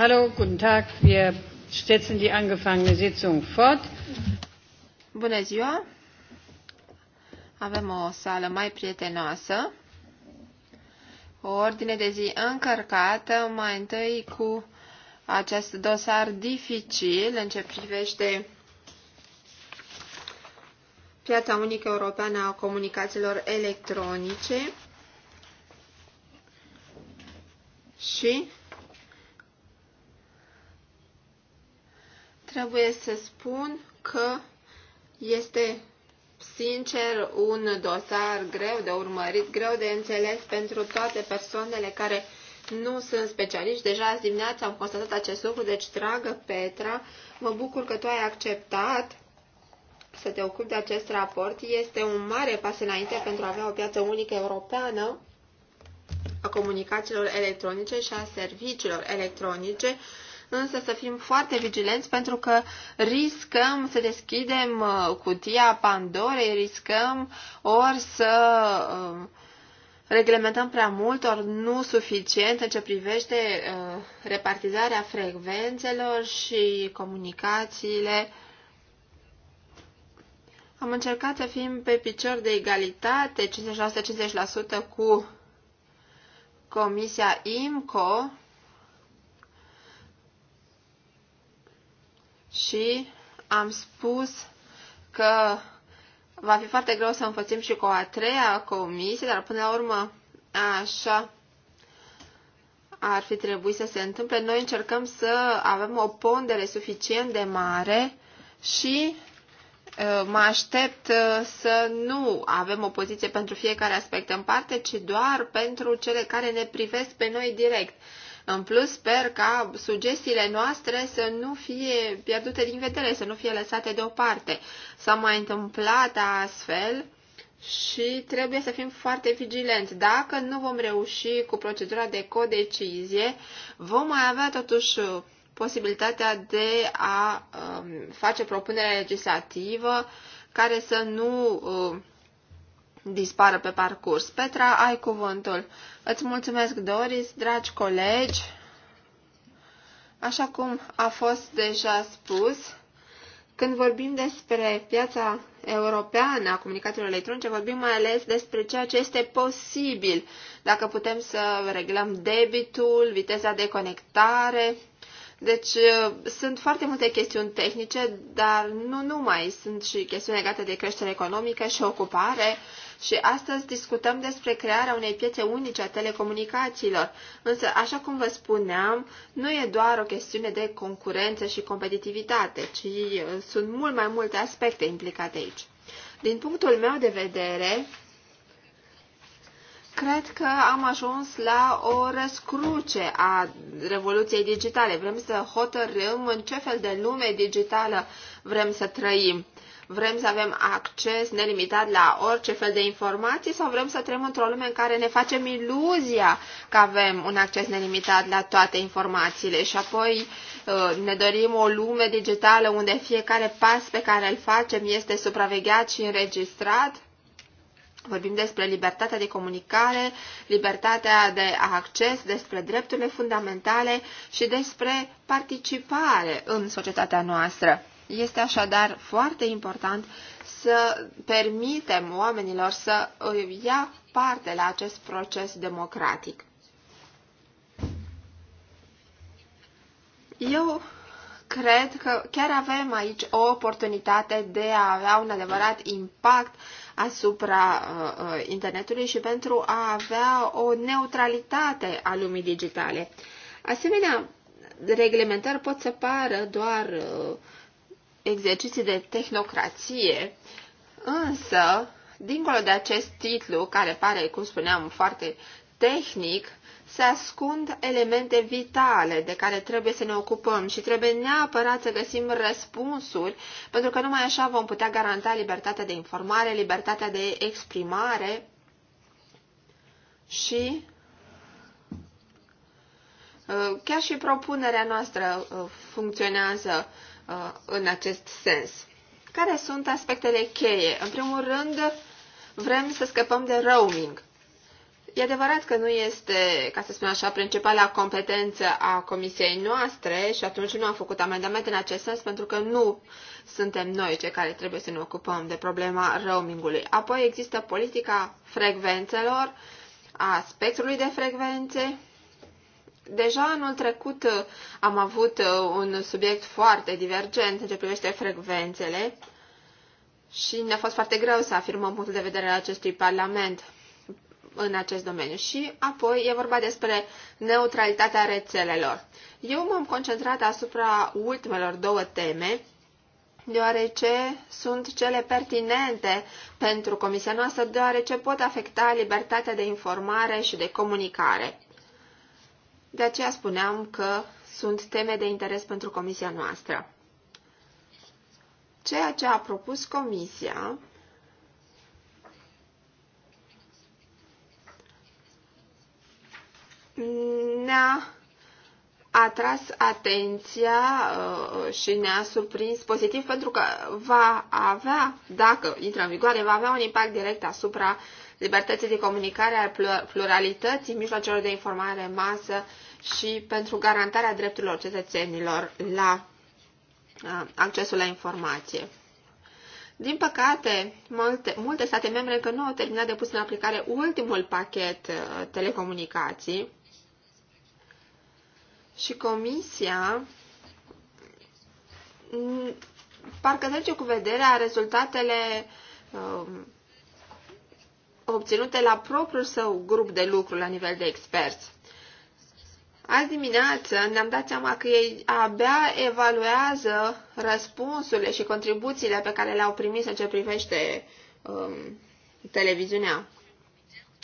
Hallo, guten Tag. Wir setzen die angefangene Sitzung fort. Bună ziua. Avem o sală mai prietenoasă. O ordine de zi încărcată, mai întâi cu acest dosar dificil în ce privește piața unică europeană a comunicațiilor electronice și Trebuie să spun că este sincer un dosar greu de urmărit, greu de înțeles pentru toate persoanele care nu sunt specialiști. Deja azi dimineața am constatat acest lucru, deci, dragă Petra, mă bucur că tu ai acceptat să te ocupi de acest raport. Este un mare pas înainte pentru a avea o piață unică europeană a comunicațiilor electronice și a serviciilor electronice însă să fim foarte vigilenți pentru că riscăm să deschidem uh, cutia Pandorei, riscăm ori să uh, reglementăm prea mult, ori nu suficient în ce privește uh, repartizarea frecvențelor și comunicațiile. Am încercat să fim pe picior de egalitate, 56-50% cu Comisia IMCO, și am spus că va fi foarte greu să înfățim și cu a treia comisie, dar până la urmă așa ar fi trebuit să se întâmple. Noi încercăm să avem o pondere suficient de mare și uh, mă aștept uh, să nu avem o poziție pentru fiecare aspect în parte, ci doar pentru cele care ne privesc pe noi direct. În plus, sper ca sugestiile noastre să nu fie pierdute din vedere, să nu fie lăsate deoparte. S-a mai întâmplat astfel și trebuie să fim foarte vigilenți. Dacă nu vom reuși cu procedura de codecizie, vom mai avea totuși posibilitatea de a um, face propunere legislativă care să nu uh, dispară pe parcurs. Petra, ai cuvântul. Îți mulțumesc, Doris, dragi colegi. Așa cum a fost deja spus, când vorbim despre piața europeană a comunicațiilor electronice, vorbim mai ales despre ceea ce este posibil, dacă putem să reglăm debitul, viteza de conectare. Deci sunt foarte multe chestiuni tehnice, dar nu numai, sunt și chestiuni legate de creștere economică și ocupare și astăzi discutăm despre crearea unei piețe unice a telecomunicațiilor, însă, așa cum vă spuneam, nu e doar o chestiune de concurență și competitivitate, ci uh, sunt mult mai multe aspecte implicate aici. Din punctul meu de vedere, cred că am ajuns la o răscruce a revoluției digitale. Vrem să hotărâm în ce fel de lume digitală vrem să trăim. Vrem să avem acces nelimitat la orice fel de informații sau vrem să trăim într-o lume în care ne facem iluzia că avem un acces nelimitat la toate informațiile și apoi uh, ne dorim o lume digitală unde fiecare pas pe care îl facem este supravegheat și înregistrat? Vorbim despre libertatea de comunicare, libertatea de acces, despre drepturile fundamentale și despre participare în societatea noastră. Este așadar foarte important să permitem oamenilor să ia parte la acest proces democratic. Eu cred că chiar avem aici o oportunitate de a avea un adevărat impact asupra uh, uh internetului și pentru a avea o neutralitate a lumii digitale. Asemenea, reglementări pot să pară doar uh, exerciții de tehnocrație, însă, dincolo de acest titlu, care pare, cum spuneam, foarte tehnic, se ascund elemente vitale de care trebuie să ne ocupăm și trebuie neapărat să găsim răspunsuri, pentru că numai așa vom putea garanta libertatea de informare, libertatea de exprimare și uh, chiar și propunerea noastră uh, funcționează Uh, în acest sens. Care sunt aspectele cheie? În primul rând, vrem să scăpăm de roaming. E adevărat că nu este, ca să spun așa, principala competență a comisiei noastre și atunci nu am făcut amendament în acest sens pentru că nu suntem noi cei care trebuie să ne ocupăm de problema roamingului. Apoi există politica frecvențelor, a spectrului de frecvențe, Deja anul trecut uh, am avut uh, un subiect foarte divergent în ce privește frecvențele și ne-a fost foarte greu să afirmăm punctul de vedere al acestui Parlament în acest domeniu. Și apoi e vorba despre neutralitatea rețelelor. Eu m-am concentrat asupra ultimelor două teme, deoarece sunt cele pertinente pentru comisia noastră, deoarece pot afecta libertatea de informare și de comunicare. De aceea spuneam că sunt teme de interes pentru comisia noastră. Ceea ce a propus comisia ne-a atras atenția uh, și ne-a surprins pozitiv pentru că va avea, dacă intră în vigoare, va avea un impact direct asupra libertății de comunicare, al pluralității mijloacelor de informare în masă și pentru garantarea drepturilor cetățenilor la accesul la informație. Din păcate, multe, multe state membre încă nu au terminat de pus în aplicare ultimul pachet telecomunicații și Comisia parcă trece cu vederea rezultatele obținute la propriul său grup de lucru la nivel de experți. Azi dimineață ne-am dat seama că ei abia evaluează răspunsurile și contribuțiile pe care le-au primit în ce privește um, televiziunea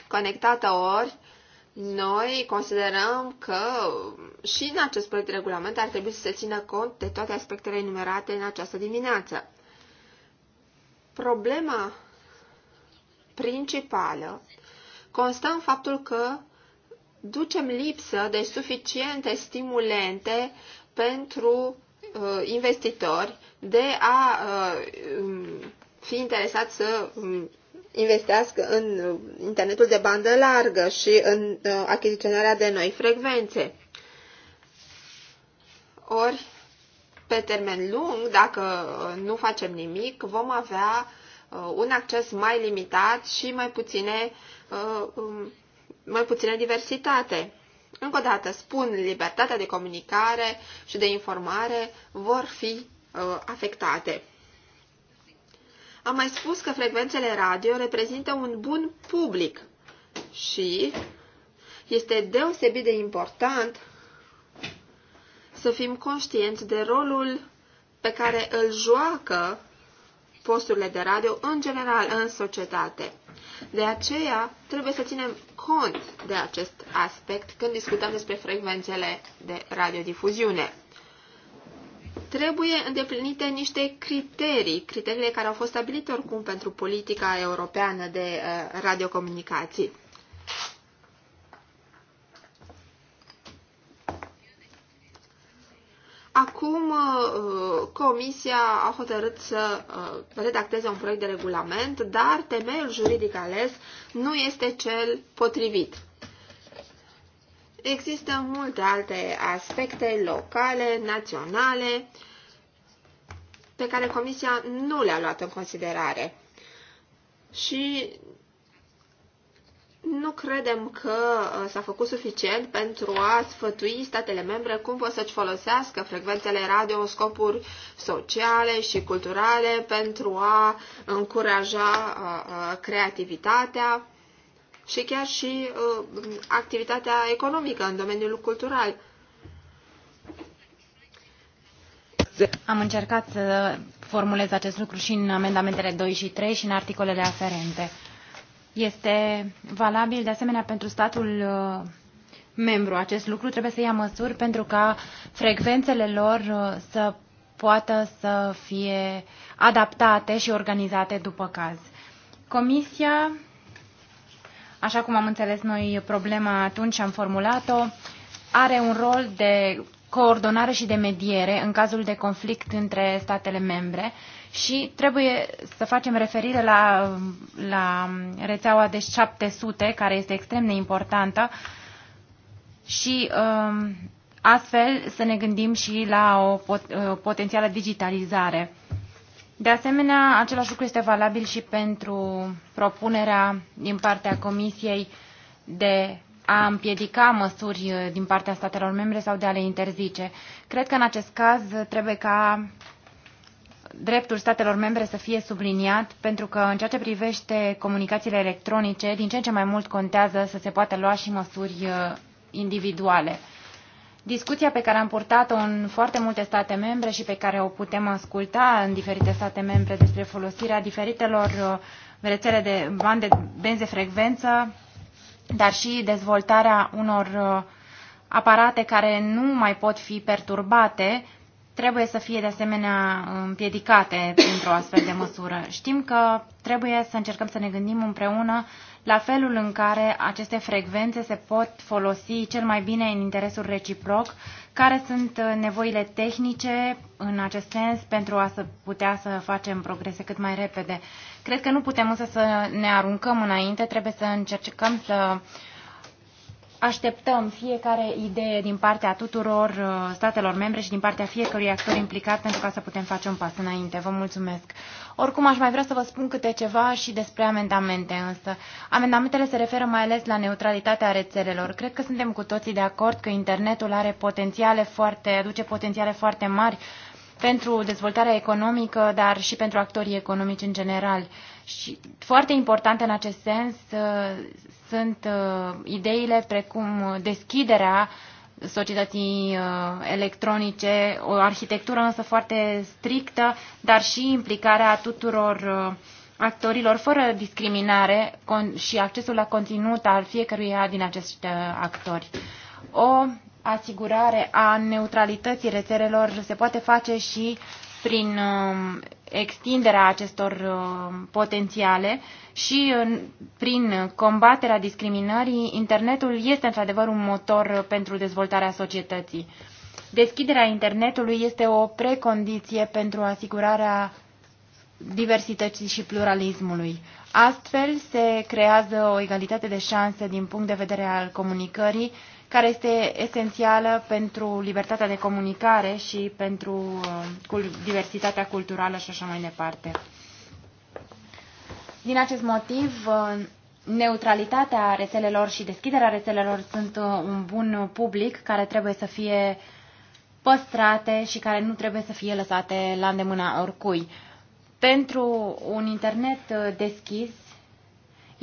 conectată ori. Noi considerăm că și în acest proiect de regulament ar trebui să se țină cont de toate aspectele enumerate în această dimineață. Problema principală constă în faptul că ducem lipsă de suficiente stimulente pentru uh, investitori de a uh, um, fi interesați să um, investească în uh, internetul de bandă largă și în uh, achiziționarea de noi frecvențe. Ori, pe termen lung, dacă nu facem nimic, vom avea Uh, un acces mai limitat și mai puține, uh, um, mai puține diversitate. Încă o dată spun, libertatea de comunicare și de informare vor fi uh, afectate. Am mai spus că frecvențele radio reprezintă un bun public și este deosebit de important să fim conștienți de rolul pe care îl joacă posturile de radio în general în societate. De aceea trebuie să ținem cont de acest aspect când discutăm despre frecvențele de radiodifuziune. Trebuie îndeplinite niște criterii, criteriile care au fost stabilite oricum pentru politica europeană de uh, radiocomunicații. Acum uh, uh, Comisia a hotărât să uh, redacteze un proiect de regulament, dar temeiul juridic ales nu este cel potrivit. Există multe alte aspecte locale, naționale, pe care Comisia nu le-a luat în considerare. Și nu credem că uh, s-a făcut suficient pentru a sfătui statele membre cum pot să-și folosească frecvențele radio în scopuri sociale și culturale pentru a încuraja uh, uh, creativitatea și chiar și activitatea economică în domeniul cultural. Am încercat să formulez acest lucru și în amendamentele 2 și 3 și în articolele aferente. Este valabil de asemenea pentru statul uh, membru acest lucru. Trebuie să ia măsuri pentru ca frecvențele lor uh, să poată să fie adaptate și organizate după caz. Comisia, așa cum am înțeles noi problema atunci, am formulat-o, are un rol de coordonare și de mediere în cazul de conflict între statele membre și trebuie să facem referire la, la rețeaua de 700, care este extrem de importantă și um, astfel să ne gândim și la o, pot, o uh, potențială digitalizare. De asemenea, același lucru este valabil și pentru propunerea din partea Comisiei de a împiedica măsuri uh, din partea statelor membre sau de a le interzice. Cred că în acest caz trebuie ca dreptul statelor membre să fie subliniat, pentru că în ceea ce privește comunicațiile electronice, din ce în ce mai mult contează să se poată lua și măsuri uh, individuale. Discuția pe care am purtat-o în foarte multe state membre și pe care o putem asculta în diferite state membre despre folosirea diferitelor uh, rețele de bande benze frecvență, dar și dezvoltarea unor uh, aparate care nu mai pot fi perturbate, trebuie să fie de asemenea împiedicate printr-o astfel de măsură. Știm că trebuie să încercăm să ne gândim împreună la felul în care aceste frecvențe se pot folosi cel mai bine în interesul reciproc, care sunt nevoile tehnice în acest sens pentru a să putea să facem progrese cât mai repede. Cred că nu putem însă să ne aruncăm înainte, trebuie să încercăm să uh, Așteptăm fiecare idee din partea tuturor uh, statelor membre și din partea fiecărui actor implicat pentru ca să putem face un pas înainte. Vă mulțumesc. Oricum, aș mai vrea să vă spun câte ceva și despre amendamente, însă. Amendamentele se referă mai ales la neutralitatea rețelelor. Cred că suntem cu toții de acord că internetul are potențiale foarte, aduce potențiale foarte mari pentru dezvoltarea economică, dar și pentru actorii economici în general. Și foarte important în acest sens uh, sunt uh, ideile precum deschiderea societății uh, electronice, o arhitectură însă foarte strictă, dar și implicarea tuturor uh, actorilor fără discriminare și accesul la conținut al fiecăruia din acești actori. O asigurare a neutralității rețelelor se poate face și uh, prin um, extinderea acestor um, potențiale și prin combaterea discriminării, internetul este într-adevăr un motor pentru dezvoltarea societății. Deschiderea internetului este o precondiție pentru asigurarea diversității și pluralismului. Astfel se creează o egalitate de șanse din punct de vedere al comunicării care este esențială pentru libertatea de comunicare și pentru uh, diversitatea culturală și așa mai departe. Din acest motiv, uh, neutralitatea rețelelor și deschiderea rețelelor sunt uh, un bun public care trebuie să fie păstrate și care nu trebuie să fie lăsate la îndemâna oricui. Pentru un internet deschis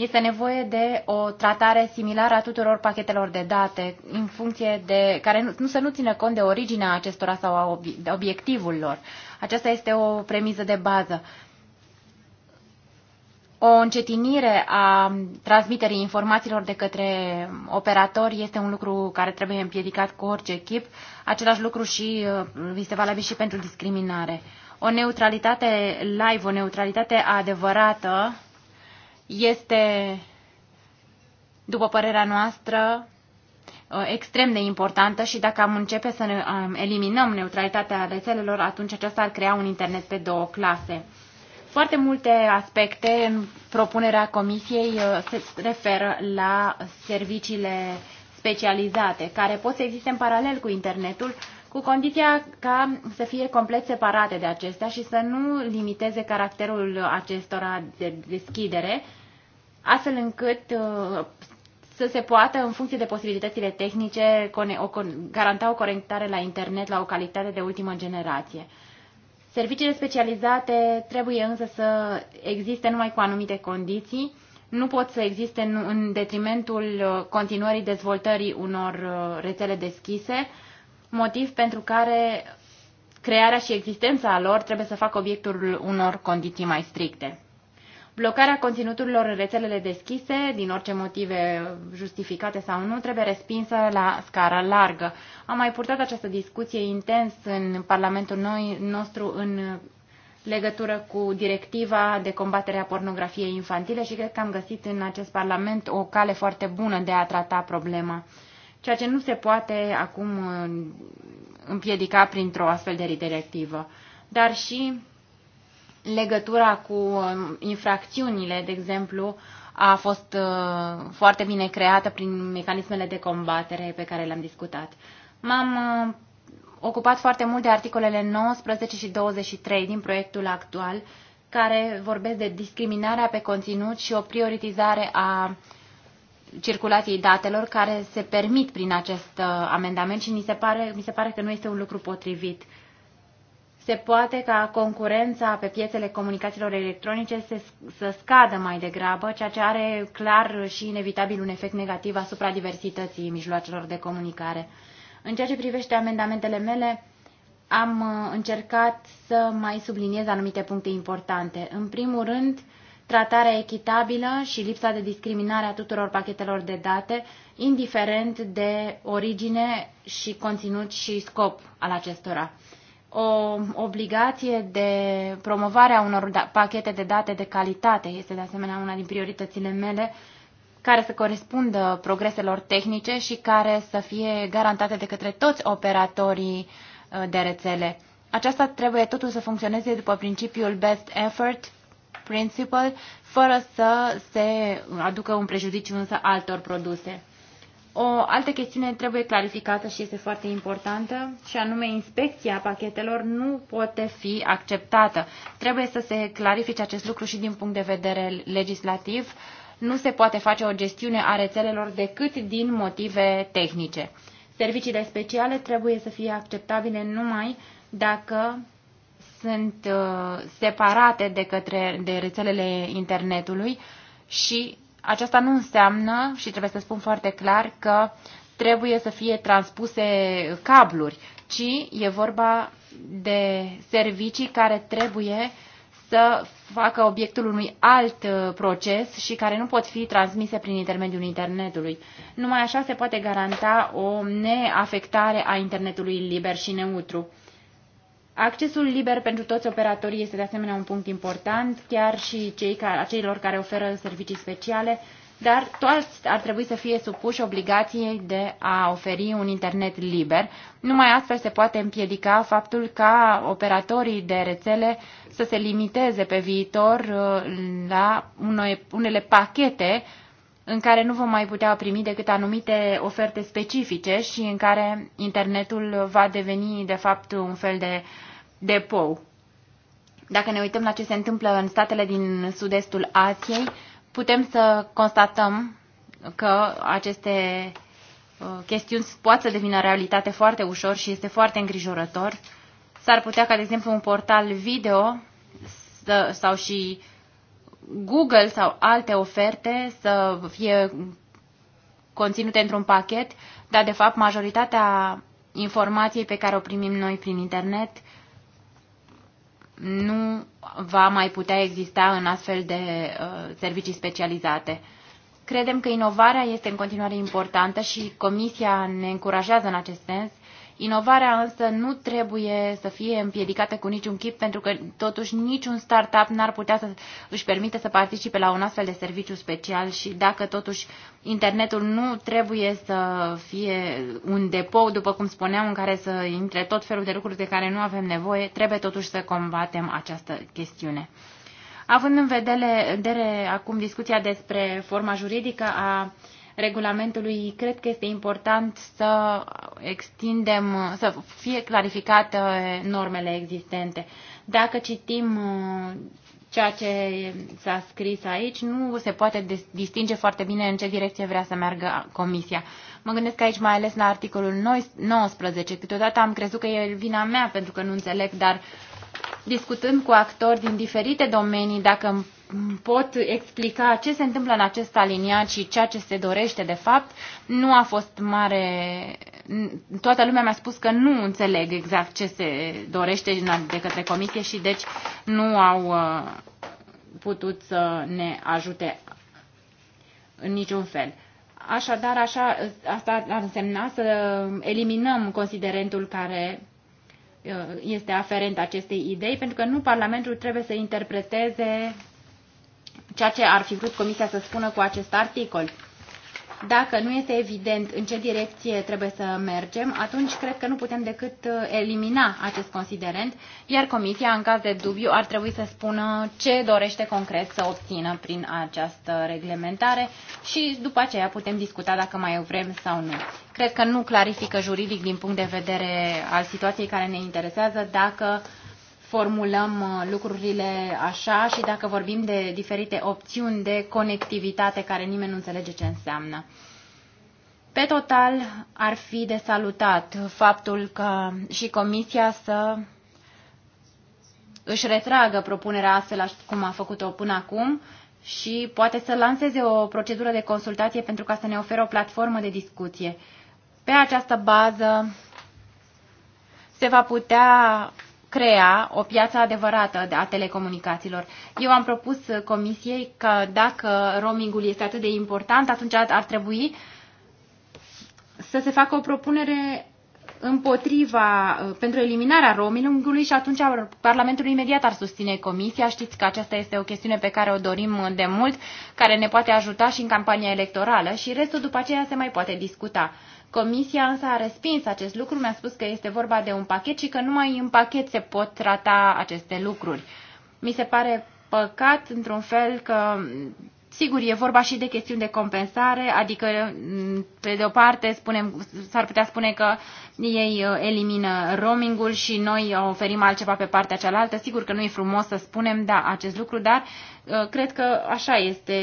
este nevoie de o tratare similară a tuturor pachetelor de date, în funcție de, care nu, nu să nu țină cont de originea acestora sau a obiectivul lor. Aceasta este o premiză de bază. O încetinire a transmiterii informațiilor de către operatori este un lucru care trebuie împiedicat cu orice echip. Același lucru și uh, este valabil și pentru discriminare. O neutralitate live, o neutralitate adevărată este, după părerea noastră, ă, extrem de importantă și dacă am începe să ne, eliminăm neutralitatea rețelelor, atunci aceasta ar crea un internet pe două clase. Foarte multe aspecte în propunerea comisiei ă, se referă la serviciile specializate, care pot să existe în paralel cu internetul, cu condiția ca să fie complet separate de acestea și să nu limiteze caracterul acestora de deschidere, astfel încât uh, să se poată, în funcție de posibilitățile tehnice, garanta o conectare la internet la o calitate de ultimă generație. Serviciile specializate trebuie însă să existe numai cu anumite condiții, nu pot să existe în detrimentul uh, continuării dezvoltării unor uh, rețele deschise, motiv pentru care crearea și existența lor trebuie să facă obiectul unor condiții mai stricte. Blocarea conținuturilor în rețelele deschise, din orice motive justificate sau nu, trebuie respinsă la scară largă. Am mai purtat această discuție intens în Parlamentul noi, nostru în legătură cu directiva de combatere a pornografiei infantile și cred că am găsit în acest Parlament o cale foarte bună de a trata problema, ceea ce nu se poate acum împiedica printr-o astfel de directivă. Dar și legătura cu um, infracțiunile, de exemplu, a fost uh, foarte bine creată prin mecanismele de combatere pe care le-am discutat. M-am uh, ocupat foarte mult de articolele 19 și 23 din proiectul actual, care vorbesc de discriminarea pe conținut și o prioritizare a circulației datelor care se permit prin acest uh, amendament și mi se pare, mi se pare că nu este un lucru potrivit se poate ca concurența pe piețele comunicațiilor electronice se, să scadă mai degrabă, ceea ce are clar și inevitabil un efect negativ asupra diversității mijloacelor de comunicare. În ceea ce privește amendamentele mele, am uh, încercat să mai subliniez anumite puncte importante. În primul rând, tratarea echitabilă și lipsa de discriminare a tuturor pachetelor de date, indiferent de origine și conținut și scop al acestora o obligație de promovare a unor da, pachete de date de calitate. Este de asemenea una din prioritățile mele care să corespundă progreselor tehnice și care să fie garantate de către toți operatorii uh, de rețele. Aceasta trebuie totul să funcționeze după principiul best effort principle, fără să se aducă un prejudiciu însă altor produse. O altă chestiune trebuie clarificată și este foarte importantă, și anume inspecția pachetelor nu poate fi acceptată. Trebuie să se clarifice acest lucru și din punct de vedere legislativ. Nu se poate face o gestiune a rețelelor decât din motive tehnice. Serviciile speciale trebuie să fie acceptabile numai dacă sunt uh, separate de, către, de rețelele internetului și aceasta nu înseamnă, și trebuie să spun foarte clar, că trebuie să fie transpuse cabluri, ci e vorba de servicii care trebuie să facă obiectul unui alt uh, proces și care nu pot fi transmise prin intermediul internetului. Numai așa se poate garanta o neafectare a internetului liber și neutru. Accesul liber pentru toți operatorii este de asemenea un punct important, chiar și cei ca, celor care oferă servicii speciale, dar toți ar trebui să fie supuși obligației de a oferi un internet liber. Numai astfel se poate împiedica faptul ca operatorii de rețele să se limiteze pe viitor uh, la unele pachete în care nu vom mai putea primi decât anumite oferte specifice și în care internetul va deveni, de fapt, un fel de depou. Dacă ne uităm la ce se întâmplă în statele din sud-estul Asiei, putem să constatăm că aceste uh, chestiuni poate să devină realitate foarte ușor și este foarte îngrijorător. S-ar putea ca, de exemplu, un portal video sau și Google sau alte oferte să fie conținute într-un pachet, dar de fapt majoritatea informației pe care o primim noi prin internet nu va mai putea exista în astfel de uh, servicii specializate. Credem că inovarea este în continuare importantă și Comisia ne încurajează în acest sens Inovarea însă nu trebuie să fie împiedicată cu niciun chip, pentru că totuși niciun startup n-ar putea să își permite să participe la un astfel de serviciu special și dacă totuși internetul nu trebuie să fie un depou, după cum spuneam, în care să intre tot felul de lucruri de care nu avem nevoie, trebuie totuși să combatem această chestiune. Având în vedere, vedere acum discuția despre forma juridică a uh, regulamentului, cred că este important să extindem, să fie clarificate normele existente. Dacă citim uh, ceea ce s-a scris aici, nu se poate distinge foarte bine în ce direcție vrea să meargă Comisia. Mă gândesc aici mai ales la articolul 19. Câteodată am crezut că e vina mea pentru că nu înțeleg, dar discutând cu actori din diferite domenii, dacă pot explica ce se întâmplă în acest aliniat și ceea ce se dorește de fapt, nu a fost mare... Toată lumea mi-a spus că nu înțeleg exact ce se dorește de către comisie și deci nu au uh, putut să ne ajute în niciun fel. Așadar, așa, asta ar însemna să eliminăm considerentul care uh, este aferent acestei idei, pentru că nu Parlamentul trebuie să interpreteze ceea ce ar fi vrut Comisia să spună cu acest articol. Dacă nu este evident în ce direcție trebuie să mergem, atunci cred că nu putem decât uh, elimina acest considerent, iar Comisia, în caz de dubiu, ar trebui să spună ce dorește concret să obțină prin această reglementare și după aceea putem discuta dacă mai vrem sau nu. Cred că nu clarifică juridic din punct de vedere al situației care ne interesează dacă uh, formulăm uh, lucrurile așa și dacă vorbim de diferite opțiuni de conectivitate care nimeni nu înțelege ce înseamnă. Pe total, ar fi de salutat faptul că și Comisia să își retragă propunerea astfel cum a făcut-o până acum și poate să lanseze o procedură de consultație pentru ca să ne oferă o platformă de discuție. Pe această bază se va putea crea o piață adevărată a telecomunicațiilor. Eu am propus comisiei că dacă roamingul este atât de important, atunci ar trebui să se facă o propunere împotriva, uh, pentru eliminarea roamingului și atunci Parlamentul imediat ar susține Comisia. Știți că aceasta este o chestiune pe care o dorim de mult, care ne poate ajuta și în campania electorală și restul după aceea se mai poate discuta. Comisia însă a respins acest lucru, mi-a spus că este vorba de un pachet și că numai în pachet se pot trata aceste lucruri. Mi se pare păcat, într-un fel, că Sigur, e vorba și de chestiuni de compensare, adică, mm, pe de o parte, spunem, s-ar putea spune că ei uh, elimină roamingul și noi oferim altceva pe partea cealaltă. Sigur că nu e frumos să spunem da, acest lucru, dar uh, cred că așa este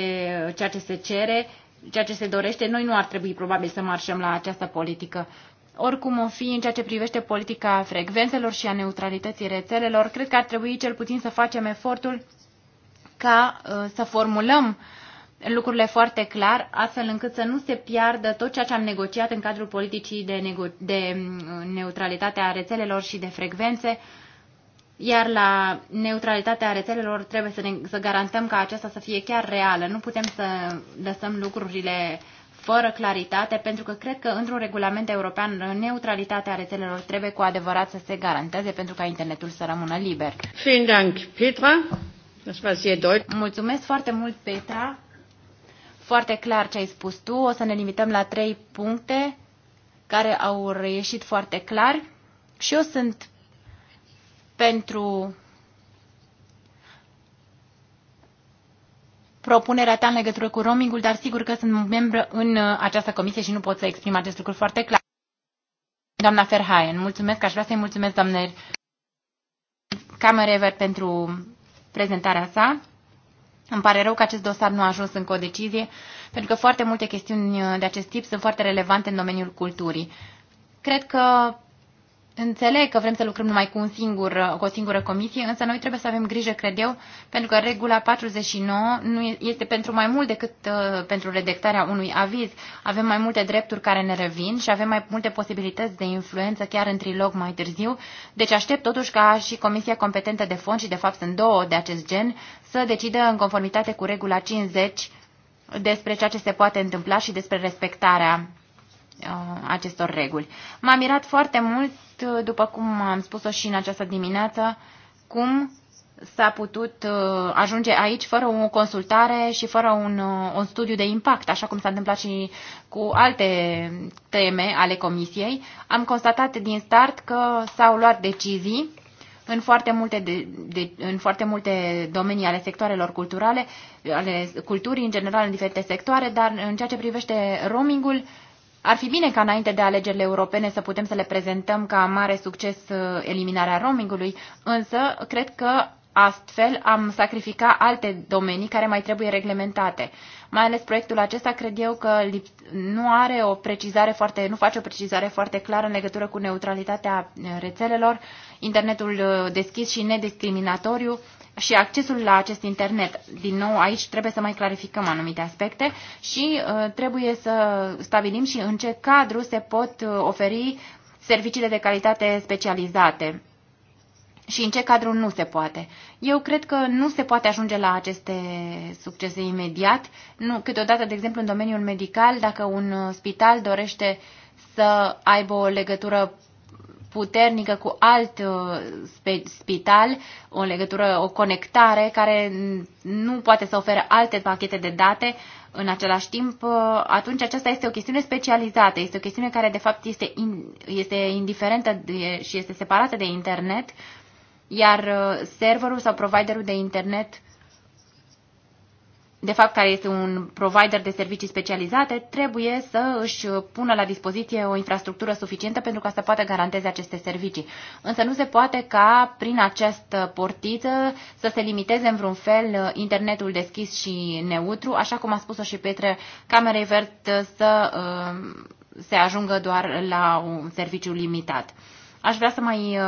uh, ceea ce se cere, ceea ce se dorește. Noi nu ar trebui, probabil, să marșăm la această politică. Oricum o fi în ceea ce privește politica frecvențelor și a neutralității rețelelor, cred că ar trebui cel puțin să facem efortul ca uh, să formulăm lucrurile foarte clar, astfel încât să nu se piardă tot ceea ce am negociat în cadrul politicii de, nego- de uh, neutralitate a rețelelor și de frecvențe, iar la neutralitatea rețelelor trebuie să, ne, să garantăm ca aceasta să fie chiar reală. Nu putem să lăsăm lucrurile fără claritate, pentru că cred că într-un regulament european neutralitatea rețelelor trebuie cu adevărat să se garanteze pentru ca internetul să rămână liber. Mulțumesc, Petra. Mulțumesc foarte mult, Petra. Foarte clar ce ai spus tu. O să ne limităm la trei puncte care au reieșit foarte clar. Și eu sunt pentru propunerea ta în legătură cu roamingul, dar sigur că sunt membru în uh, această comisie și nu pot să exprim acest lucru foarte clar. Doamna Ferhaien, mulțumesc, aș vrea să-i mulțumesc doamne Camerevert pentru prezentarea sa. Îmi pare rău că acest dosar nu a ajuns încă o decizie, pentru că foarte multe chestiuni de acest tip sunt foarte relevante în domeniul culturii. Cred că Înțeleg că vrem să lucrăm numai cu, un singur, cu o singură comisie, însă noi trebuie să avem grijă, cred eu, pentru că regula 49 nu este pentru mai mult decât uh, pentru redactarea unui aviz. Avem mai multe drepturi care ne revin și avem mai multe posibilități de influență chiar în trilog mai târziu. Deci aștept totuși ca și comisia competentă de fond și de fapt sunt două de acest gen să decidă în conformitate cu regula 50 despre ceea ce se poate întâmpla și despre respectarea Uh, acestor reguli. M-a mirat foarte mult, uh, după cum am spus-o și în această dimineață, cum s-a putut uh, ajunge aici fără o consultare și fără un, un studiu de impact, așa cum s-a întâmplat și cu alte teme ale comisiei. Am constatat din start că s-au luat decizii în foarte multe, de, de, în foarte multe domenii ale sectoarelor culturale, ale culturii în general în diferite sectoare, dar în ceea ce privește roamingul, uh, ar fi bine ca înainte de alegerile europene să putem să le prezentăm ca mare succes uh, eliminarea roamingului, însă cred că astfel am sacrifica alte domenii care mai trebuie reglementate. Mai ales proiectul acesta cred eu că nu are o precizare foarte, nu face o precizare foarte clară în legătură cu neutralitatea uh, rețelelor, internetul uh, deschis și nediscriminatoriu, și accesul la acest internet. Din nou, aici trebuie să mai clarificăm anumite aspecte și uh, trebuie să stabilim și în ce cadru se pot uh, oferi serviciile de calitate specializate și în ce cadru nu se poate. Eu cred că nu se poate ajunge la aceste succese imediat. Nu, câteodată, de exemplu, în domeniul medical, dacă un uh, spital dorește să aibă o legătură puternică cu alt uh, spital, o legătură, o conectare care nu poate să ofere alte pachete de date în același timp, uh, atunci aceasta este o chestiune specializată, este o chestiune care de fapt este, in, este indiferentă de, și este separată de internet, iar uh, serverul sau providerul de internet de fapt care este un provider de servicii specializate, trebuie să își pună la dispoziție o infrastructură suficientă pentru ca să poată garanteze aceste servicii. Însă nu se poate ca prin această portiță să se limiteze în vreun fel internetul deschis și neutru, așa cum a spus-o și Petre Camerei Vert, să uh, se ajungă doar la un serviciu limitat. Aș vrea să mai uh,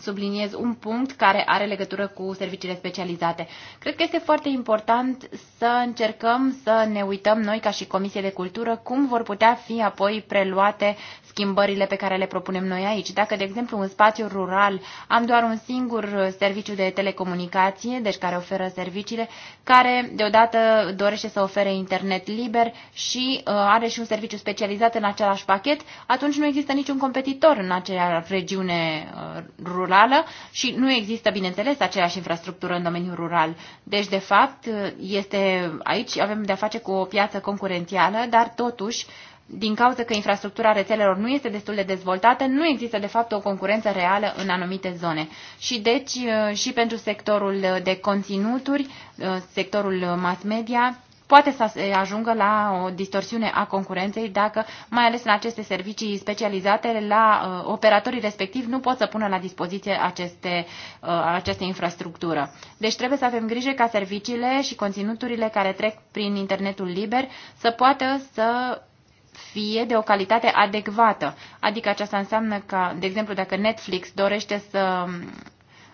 subliniez un punct care are legătură cu serviciile specializate. Cred că este foarte important să încercăm să ne uităm noi ca și Comisie de Cultură cum vor putea fi apoi preluate schimbările pe care le propunem noi aici. Dacă, de exemplu, în spațiu rural am doar un singur uh, serviciu de telecomunicație, deci care oferă serviciile, care deodată dorește să ofere internet liber și uh, are și un serviciu specializat în același pachet, atunci nu există niciun competitor în acea regiune uh, rurală și nu există, bineînțeles, aceeași infrastructură în domeniul rural. Deci, de fapt, este aici avem de-a face cu o piață concurențială, dar totuși din cauza că infrastructura rețelelor nu este destul de dezvoltată, nu există de fapt o concurență reală în anumite zone. Și deci uh, și pentru sectorul uh, de conținuturi, uh, sectorul mass media, poate să se ajungă la o distorsiune a concurenței dacă, mai ales în aceste servicii specializate, la uh, operatorii respectivi nu pot să pună la dispoziție aceste, uh, aceste infrastructură. Deci trebuie să avem grijă ca serviciile și conținuturile care trec prin internetul liber să poată să fie de o calitate adecvată. Adică aceasta înseamnă că, de exemplu, dacă Netflix dorește să,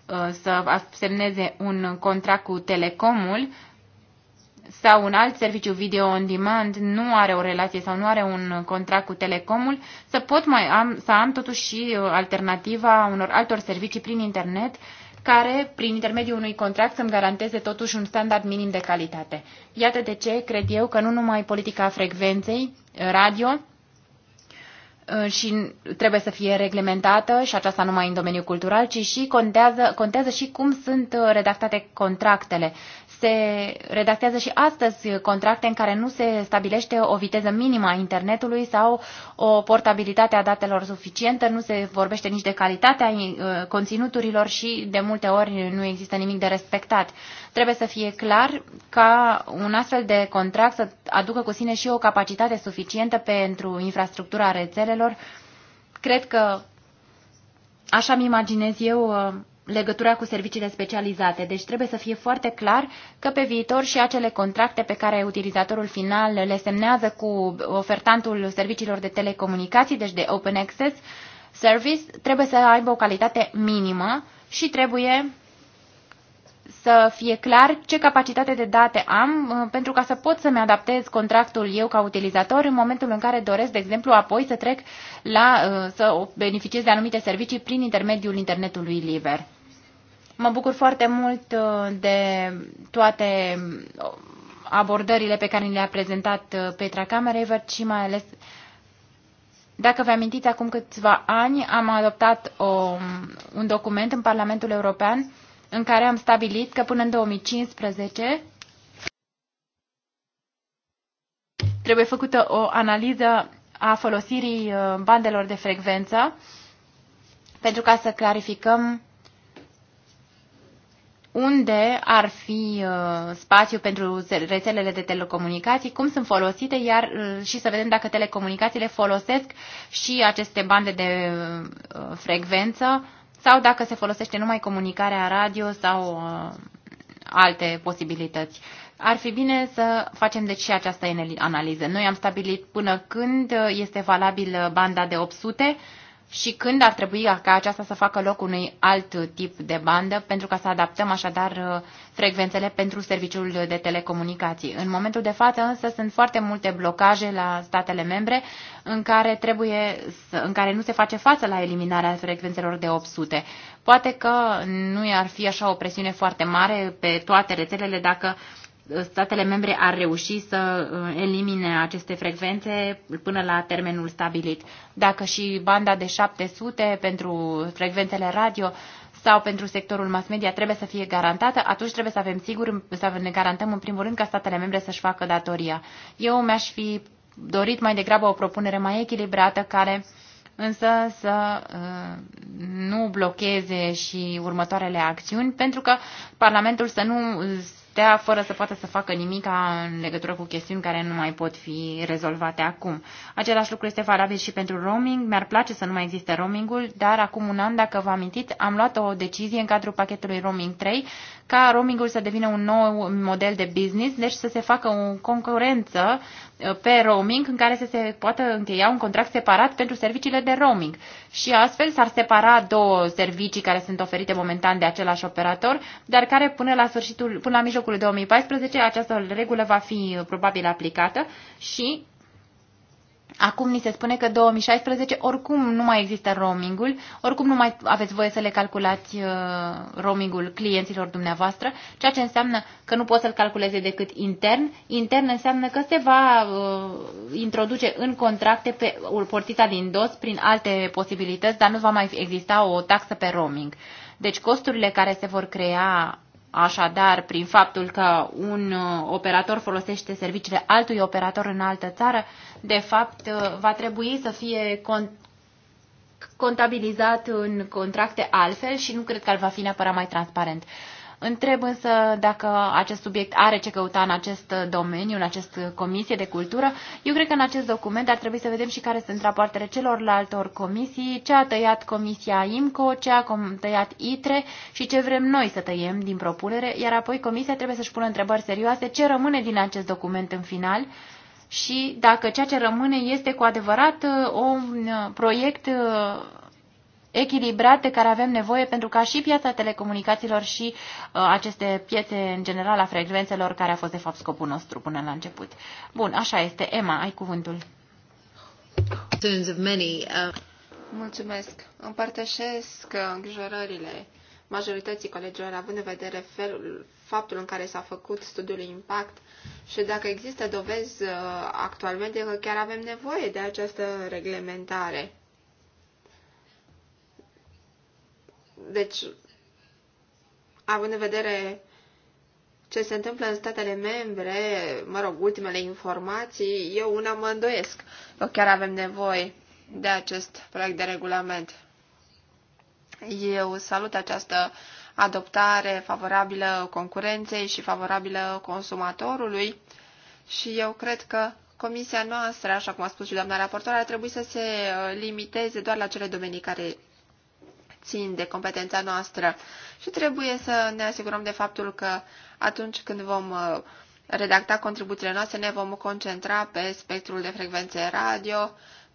uh, să semneze un contract cu Telecomul, sau un alt serviciu video on demand nu are o relație sau nu are un contract cu telecomul, să pot mai am, să am totuși și uh, alternativa unor altor servicii prin internet care, prin intermediul unui contract, să-mi garanteze totuși un standard minim de calitate. Iată de ce cred eu că nu numai politica frecvenței eh, radio eh, și trebuie să fie reglementată și aceasta numai în domeniul cultural, ci și contează, contează și cum sunt eh, redactate contractele se redactează și astăzi contracte în care nu se stabilește o viteză minimă a internetului sau o portabilitate a datelor suficientă, nu se vorbește nici de calitatea eh, conținuturilor și de multe ori nu există nimic de respectat. Trebuie să fie clar ca un astfel de contract să aducă cu sine și o capacitate suficientă pentru infrastructura rețelelor. Cred că așa-mi imaginez eu eh, legătura cu serviciile specializate. Deci trebuie să fie foarte clar că pe viitor și acele contracte pe care utilizatorul final le semnează cu ofertantul serviciilor de telecomunicații, deci de Open Access Service, trebuie să aibă o calitate minimă și trebuie să fie clar ce capacitate de date am uh, pentru ca să pot să-mi adaptez contractul eu ca utilizator în momentul în care doresc, de exemplu, apoi să trec la, uh, să beneficiez de anumite servicii prin intermediul internetului liber. Mă bucur foarte mult uh, de toate abordările pe care le-a prezentat Petra Camerevert și mai ales dacă vă amintiți, acum câțiva ani am adoptat o, un document în Parlamentul European în care am stabilit că până în 2015 trebuie făcută o analiză a folosirii uh, bandelor de frecvență pentru ca să clarificăm unde ar fi uh, spațiu pentru rețelele de telecomunicații, cum sunt folosite, iar uh, și să vedem dacă telecomunicațiile folosesc și aceste bande de frecvență sau dacă se folosește numai comunicarea radio sau uh, alte posibilități. Ar fi bine să facem deci și această analiză. Noi am stabilit până când uh, este valabilă uh, banda de 800 și când ar trebui ca aceasta să facă loc unui alt tip de bandă, pentru ca să adaptăm așadar uh, frecvențele pentru serviciul de telecomunicații. În momentul de față însă sunt foarte multe blocaje la statele membre în care, trebuie, în care nu se face față la eliminarea frecvențelor de 800. Poate că nu ar fi așa o presiune foarte mare pe toate rețelele dacă uh, statele membre ar reuși să uh, elimine aceste frecvențe până la termenul stabilit. Dacă și banda de 700 pentru frecvențele radio sau pentru sectorul mass media trebuie să fie garantată, atunci trebuie să avem sigur, să ne garantăm în primul rând ca statele membre să-și facă datoria. Eu mi-aș fi dorit mai degrabă o propunere mai echilibrată care însă să uh, nu blocheze și următoarele acțiuni, pentru că Parlamentul să nu stea fără să poată să facă nimic în legătură cu chestiuni care nu mai pot fi rezolvate acum. Același lucru este valabil și pentru roaming. Mi-ar place să nu mai existe roamingul, dar acum un an, dacă vă amintiți, am luat o decizie în cadrul pachetului roaming 3 ca roamingul să devină un nou model de business, deci să se facă o concurență uh, pe roaming în care să se poată încheia un contract separat pentru serviciile de roaming. Și astfel s-ar separa două servicii care sunt oferite momentan de același operator, dar care până la sfârșitul, până la mijlocul 2014 această regulă va fi uh, probabil aplicată și Acum ni se spune că 2016 oricum nu mai există roamingul, oricum nu mai aveți voie să le calculați uh, roamingul clienților dumneavoastră, ceea ce înseamnă că nu poți să-l calculeze decât intern. Intern înseamnă că se va uh, introduce în contracte pe portița din DOS prin alte posibilități, dar nu va mai exista o taxă pe roaming. Deci costurile care se vor crea Așadar, prin faptul că un uh, operator folosește serviciile altui operator în altă țară, de fapt, uh, va trebui să fie contabilizat în contracte altfel și nu cred că ar va fi neapărat mai transparent. Întreb însă dacă acest subiect are ce căuta în acest domeniu, în această comisie de cultură. Eu cred că în acest document ar trebui să vedem și care sunt rapoartele celorlaltor comisii, ce a tăiat comisia IMCO, ce a tăiat ITRE și ce vrem noi să tăiem din propunere, iar apoi comisia trebuie să-și pună întrebări serioase ce rămâne din acest document în final și dacă ceea ce rămâne este cu adevărat uh, un uh, proiect uh, echilibrate care avem nevoie pentru ca și piața telecomunicațiilor și uh, aceste piețe în general a frecvențelor care a fost de fapt scopul nostru până la început. Bun, așa este. Emma, ai cuvântul. Uh, Mulțumesc. Împărtășesc uh, îngrijorările majorității colegilor, având în vedere felul, faptul în care s-a făcut studiul impact și dacă există dovezi uh, actualmente că chiar avem nevoie de această reglementare. Deci, având în vedere ce se întâmplă în statele membre, mă rog, ultimele informații, eu una mă îndoiesc. Eu chiar avem nevoie de acest proiect de regulament. Eu salut această adoptare favorabilă concurenței și favorabilă consumatorului și eu cred că comisia noastră, așa cum a spus și doamna raportor, ar trebui să se limiteze doar la cele domenii care țin de competența noastră și trebuie să ne asigurăm de faptul că atunci când vom uh, redacta contribuțiile noastre ne vom concentra pe spectrul de frecvențe radio,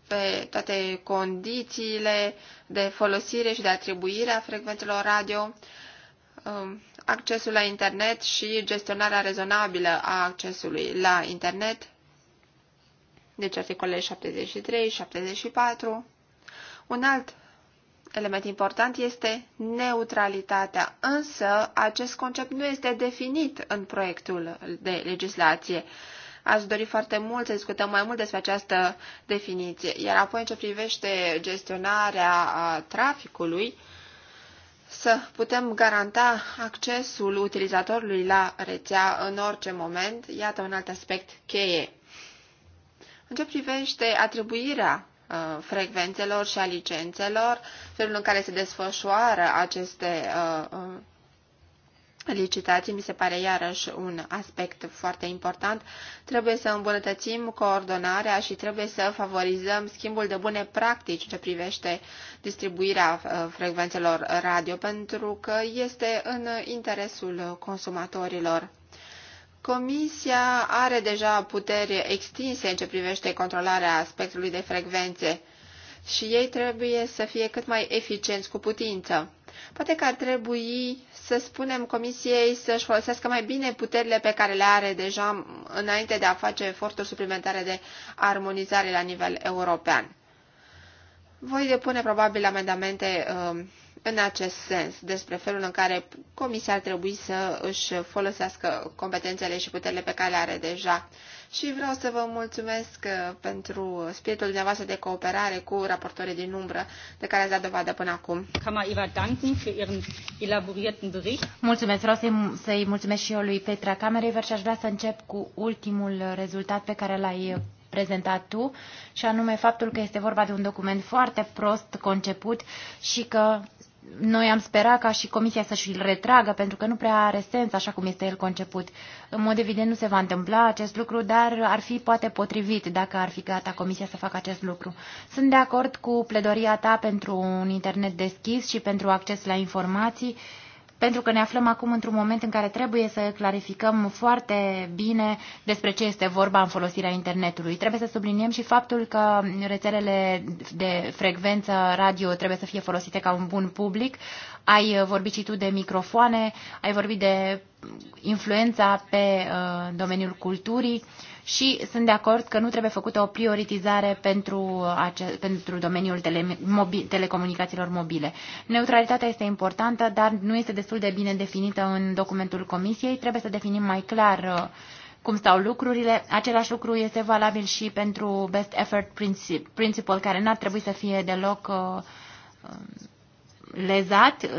pe toate condițiile de folosire și de atribuire a frecvențelor radio, um, accesul la internet și gestionarea rezonabilă a accesului la internet, deci articolele 73 74. Un alt element important este neutralitatea, însă acest concept nu este definit în proiectul de legislație. Aș dori foarte mult să discutăm mai mult despre această definiție. Iar apoi, în ce privește gestionarea traficului, să putem garanta accesul utilizatorului la rețea în orice moment, iată un alt aspect cheie. În ce privește atribuirea Uh, frecvențelor și a licențelor, felul în care se desfășoară aceste uh, uh, licitații mi se pare iarăși un aspect foarte important. Trebuie să îmbunătățim coordonarea și trebuie să favorizăm schimbul de bune practici ce privește distribuirea frecvențelor radio, pentru că este în interesul consumatorilor. Comisia are deja puteri extinse în ce privește controlarea spectrului de frecvențe și ei trebuie să fie cât mai eficienți cu putință. Poate că ar trebui să spunem Comisiei să-și folosească mai bine puterile pe care le are deja înainte de a face eforturi suplimentare de armonizare la nivel european. Voi depune probabil amendamente um, în acest sens despre felul în care Comisia ar trebui să își folosească competențele și puterile pe care le are deja. Și vreau să vă mulțumesc uh, pentru spiritul dumneavoastră de cooperare cu raportorii din umbră de care ați dat dovadă până acum. Mulțumesc, vreau să-i, să mulțumesc și eu lui Petra Camerever și aș vrea să încep cu ultimul rezultat pe care l-ai prezentat tu, și anume faptul că este vorba de un document foarte prost conceput și că noi am sperat ca și comisia să-și îl retragă, pentru că nu prea are sens așa cum este el conceput. În mod evident nu se va întâmpla acest lucru, dar ar fi poate potrivit dacă ar fi gata comisia să facă acest lucru. Sunt de acord cu pledoria ta pentru un internet deschis și pentru acces la informații. Uh, pentru că ne aflăm acum într-un moment în care trebuie să clarificăm foarte bine despre ce este vorba în folosirea internetului. Trebuie să subliniem și faptul că rețelele de frecvență radio trebuie să fie folosite ca un bun public. Ai vorbit și tu de microfoane, ai vorbit de influența pe uh, domeniul culturii. Uh, și sunt de acord că nu trebuie făcută o prioritizare pentru, ace, pentru domeniul tele, mobi, telecomunicațiilor mobile. Neutralitatea este importantă, dar nu este destul de bine definită în documentul Comisiei. Trebuie să definim mai clar uh, cum stau lucrurile. Același lucru este valabil și pentru Best Effort Principle, care n-ar trebui să fie deloc uh, um, lezat,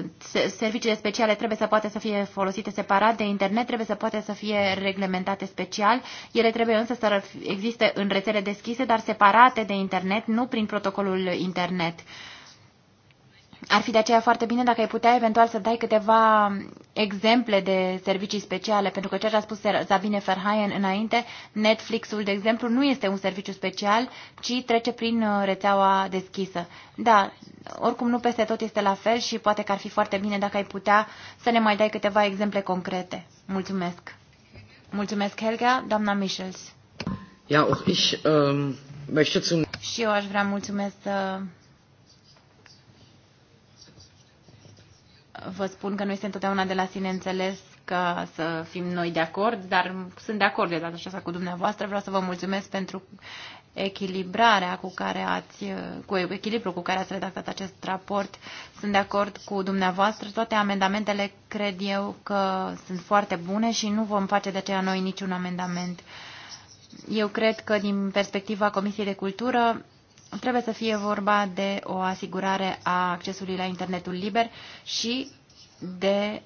serviciile speciale trebuie să poată să fie folosite separat de internet, trebuie să poată să fie reglementate special, ele trebuie însă să existe în rețele deschise, dar separate de internet, nu prin protocolul internet. Ar fi de aceea foarte bine dacă ai putea eventual să dai câteva exemple de servicii speciale, pentru că ceea ce a spus Sabine Ferhaien înainte, Netflix-ul, de exemplu, nu este un serviciu special, ci trece prin uh, rețeaua deschisă. Da, oricum nu peste tot este la fel și poate că ar fi foarte bine dacă ai putea să ne mai dai câteva exemple concrete. Mulțumesc! Mulțumesc, Helga, doamna Michels. Ja, auch ich ähm, möchte zum... Și eu aș vrea mulțumesc... Uh vă spun că nu este întotdeauna de la sine înțeles ca să fim noi de acord, dar sunt de acord de data aceasta cu dumneavoastră. Vreau să vă mulțumesc pentru echilibrarea cu care ați, cu echilibru cu care ați redactat acest raport. Sunt de acord cu dumneavoastră. Toate amendamentele cred eu că sunt foarte bune și nu vom face de aceea noi niciun amendament. Eu cred că din perspectiva Comisiei de Cultură trebuie să fie vorba de o asigurare a accesului la internetul liber și de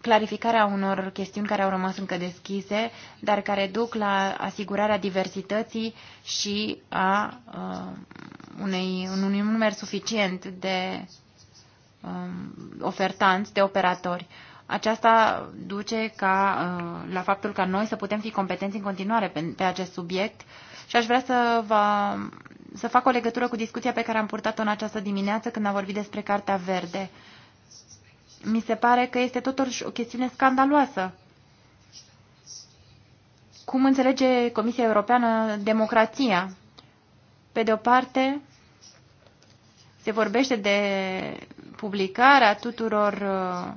clarificarea unor chestiuni care au rămas încă deschise, dar care duc la asigurarea diversității și a uh, unei, unui număr suficient de uh, ofertanți, de operatori. Aceasta duce ca, uh, la faptul ca noi să putem fi competenți în continuare pe, pe acest subiect uh, și aș vrea să vă să fac o legătură cu discuția pe care am purtat-o în această dimineață când am vorbit despre Cartea Verde. Mi se pare că este totuși o chestiune scandaloasă. Cum înțelege Comisia Europeană democrația? Pe de o parte, se vorbește de publicarea tuturor uh,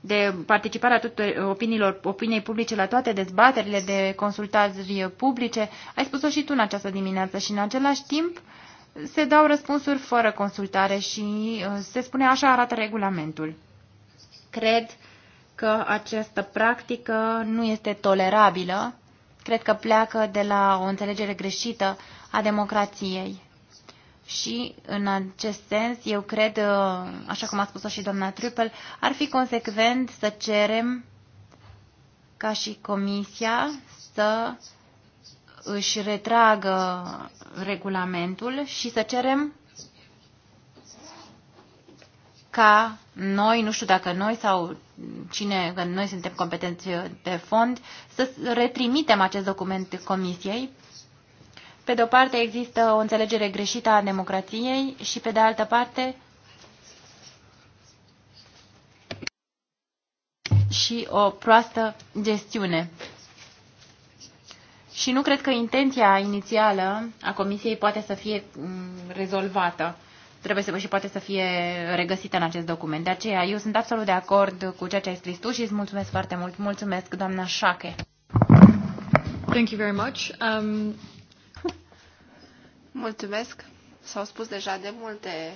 de participarea tuturor opiniilor, opiniei publice la toate dezbaterile de consultări publice. Ai spus-o și tu în această dimineață și în același timp se dau răspunsuri fără consultare și uh, se spune așa arată regulamentul. Cred că această practică nu este tolerabilă. Cred că pleacă de la o înțelegere greșită a democrației. Și, în acest sens, eu cred, uh, așa cum a spus-o și doamna Trupel, ar fi consecvent să cerem ca și Comisia să își retragă regulamentul și să cerem ca noi, nu știu dacă noi sau cine, că noi suntem competenți de fond, să retrimitem acest document comisiei pe de o parte există o înțelegere greșită a democrației și pe de altă parte și o proastă gestiune. Și nu cred că intenția inițială a Comisiei poate să fie mm, rezolvată. Trebuie să vă și poate să fie regăsită în acest document. De aceea, eu sunt absolut de acord cu ceea ce ai scris tu și îți mulțumesc foarte mult. Mulțumesc, doamna Șache. Thank you very much. Um, Mulțumesc. S-au spus deja de multe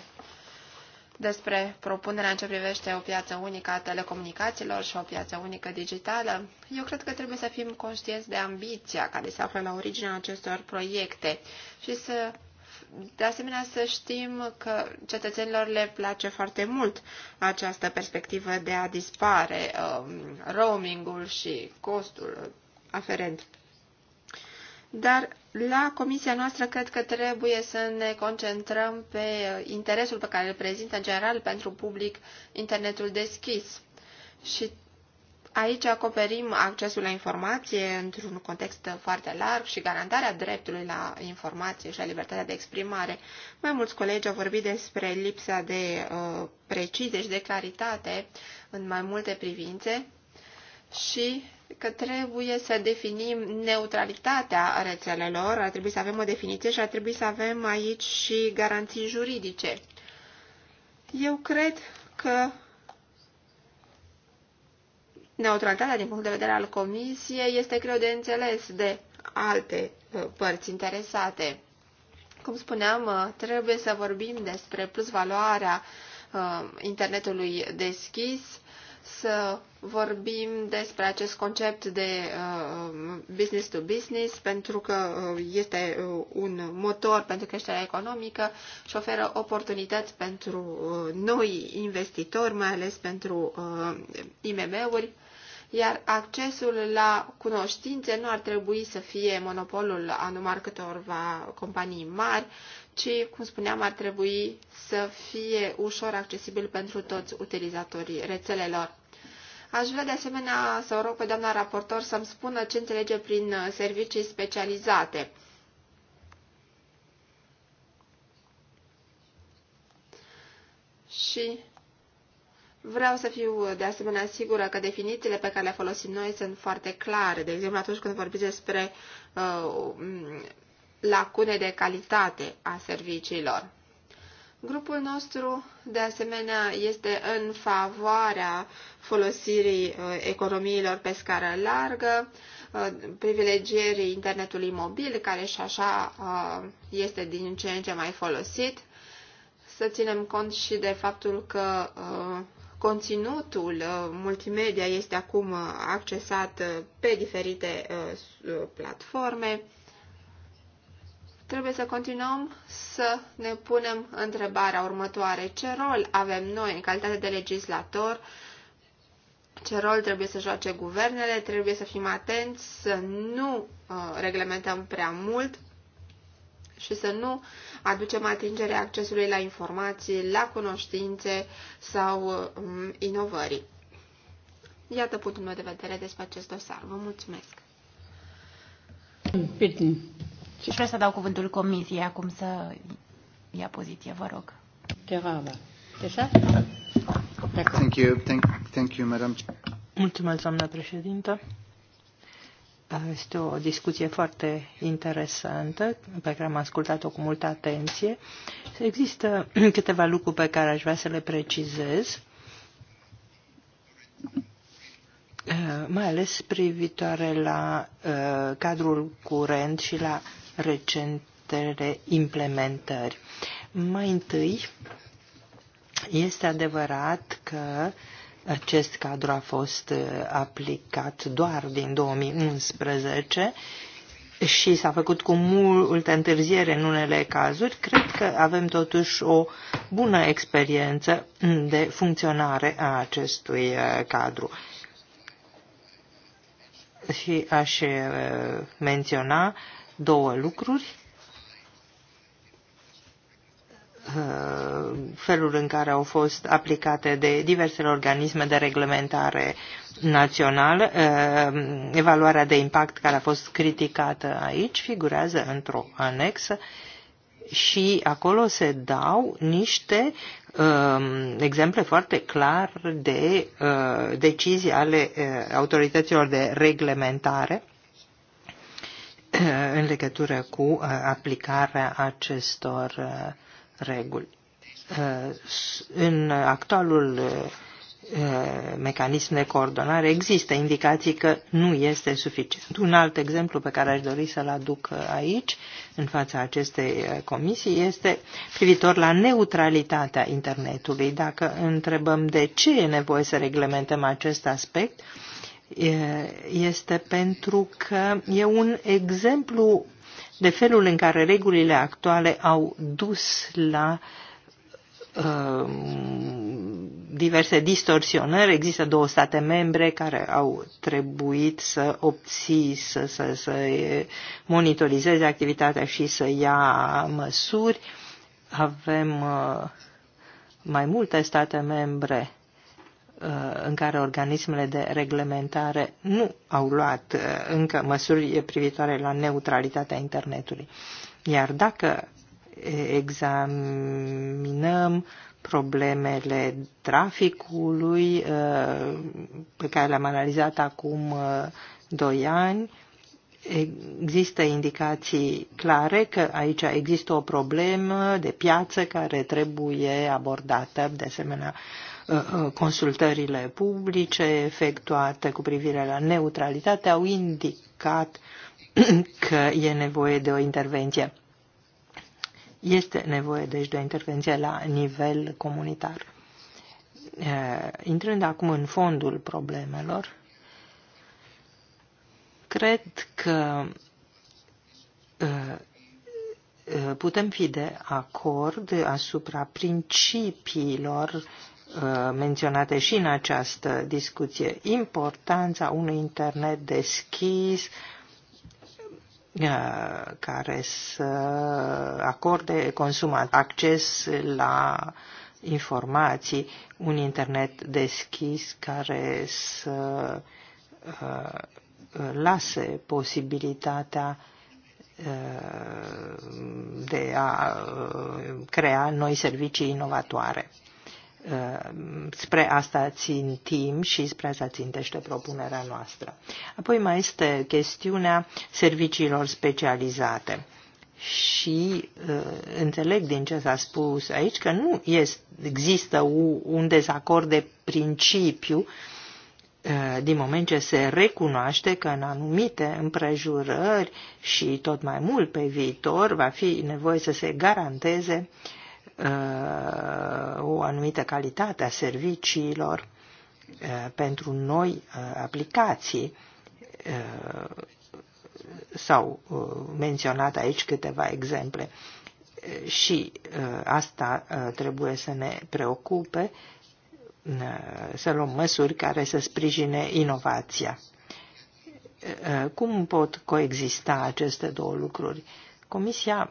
despre propunerea în ce privește o piață unică a telecomunicațiilor și o piață unică digitală. Eu cred că trebuie să fim conștienți de ambiția care se află la originea acestor proiecte și să de asemenea să știm că cetățenilor le place foarte mult această perspectivă de a dispare um, roamingul și costul aferent dar la comisia noastră cred că trebuie să ne concentrăm pe uh, interesul pe care îl prezintă în general pentru public internetul deschis. Și aici acoperim accesul la informație într-un context foarte larg și garantarea dreptului la informație și la libertatea de exprimare. Mai mulți colegi au vorbit despre lipsa de uh, precizie și de claritate în mai multe privințe și că trebuie să definim neutralitatea rețelelor, ar trebui să avem o definiție și ar trebui să avem aici și garanții juridice. Eu cred că neutralitatea din punct de vedere al Comisiei este greu de înțeles de alte uh, părți interesate. Cum spuneam, uh, trebuie să vorbim despre plus valoarea uh, internetului deschis, să vorbim despre acest concept de uh, business to business pentru că uh, este uh, un motor pentru creșterea economică și oferă oportunități pentru noi investitori, mai ales pentru IMM-uri, iar accesul la cunoștințe nu ar trebui să fie monopolul anumar câtorva companii mari, ci, cum spuneam, ar trebui să fie ușor accesibil pentru toți utilizatorii rețelelor. Aș vrea de asemenea să o rog pe doamna raportor să-mi spună ce înțelege prin uh, servicii specializate. Și vreau să fiu uh, de asemenea sigură că definițiile pe care le folosim noi sunt foarte clare. De exemplu, atunci când vorbiți despre uh, lacune de calitate a serviciilor. Grupul nostru, de asemenea, este în favoarea folosirii uh, economiilor pe scară largă, uh, privilegierii internetului mobil, care și așa uh, este din ce în ce mai folosit. Să ținem cont și de faptul că conținutul multimedia este acum accesat pe diferite platforme. Trebuie să continuăm să ne punem întrebarea următoare. Ce rol avem noi în calitate de legislator? Ce rol trebuie să joace guvernele? Trebuie să fim atenți să nu uh, reglementăm prea mult și să nu aducem atingerea accesului la informații, la cunoștințe sau um, inovării. Iată punctul meu de vedere despre acest dosar. Vă mulțumesc! Bine. Și vreau să dau cuvântul comisiei acum să ia poziție, vă rog. Te Deja? Thank you, thank, thank you, madam. Mulțumesc, doamna președintă. Este o discuție foarte interesantă pe care am ascultat-o cu multă atenție. Există câteva lucruri pe care aș vrea să le precizez, eh, mai ales privitoare la eh, cadrul curent și la recentele implementări. Mai întâi, este adevărat că acest cadru a fost uh, aplicat doar din 2011 și s-a făcut cu multă întârziere în unele cazuri, cred că avem totuși o bună experiență de funcționare a acestui uh, cadru. Și aș uh, menționa două lucruri. Uh, felul în care au fost aplicate de diversele organisme de reglementare național, uh, evaluarea de impact care a fost criticată aici figurează într-o anexă și acolo se dau niște um, exemple foarte clar de uh, decizii ale uh, autorităților de reglementare în legătură cu uh, aplicarea acestor uh, reguli. Uh, în actualul mecanism de coordonare există indicații că nu este suficient. Un alt exemplu pe care aș dori să-l aduc aici, în fața acestei comisii, este privitor la neutralitatea internetului. Dacă întrebăm de ce e nevoie să reglementăm acest aspect, este pentru că e un exemplu de felul în care regulile actuale au dus la uh, diverse distorsionări. Există două state membre care au trebuit să obții, să, să, să monitorizeze activitatea și să ia măsuri. Avem uh, mai multe state membre Uh, în care organismele de reglementare nu au luat uh, încă măsuri privitoare la neutralitatea internetului. Iar dacă examinăm problemele traficului uh, pe care le-am analizat acum 2 ani, există indicații clare că aici există o problemă de piață care trebuie abordată. De asemenea, Uh, uh, consultările publice efectuate cu privire la neutralitate au indicat că e nevoie de o intervenție. Este nevoie, deci, de o intervenție la nivel comunitar. Uh, intrând acum în fondul problemelor, cred că putem fi de acord asupra principiilor Uh, menționate și în această discuție. Importanța unui internet deschis uh, care să acorde consumat acces la informații, un internet deschis care să uh, lase posibilitatea de a crea noi servicii inovatoare spre asta timp și spre asta țintește propunerea noastră. Apoi mai este chestiunea serviciilor specializate și uh, înțeleg din ce s-a spus aici că nu este, există un dezacord de principiu uh, din moment ce se recunoaște că în anumite împrejurări și tot mai mult pe viitor va fi nevoie să se garanteze uh, Uh, o anumită calitate a serviciilor uh, pentru noi uh, aplicații. S-au menționat aici câteva exemple și asta trebuie să ne preocupe, să luăm măsuri care să sprijine inovația. Cum pot coexista aceste două lucruri? Comisia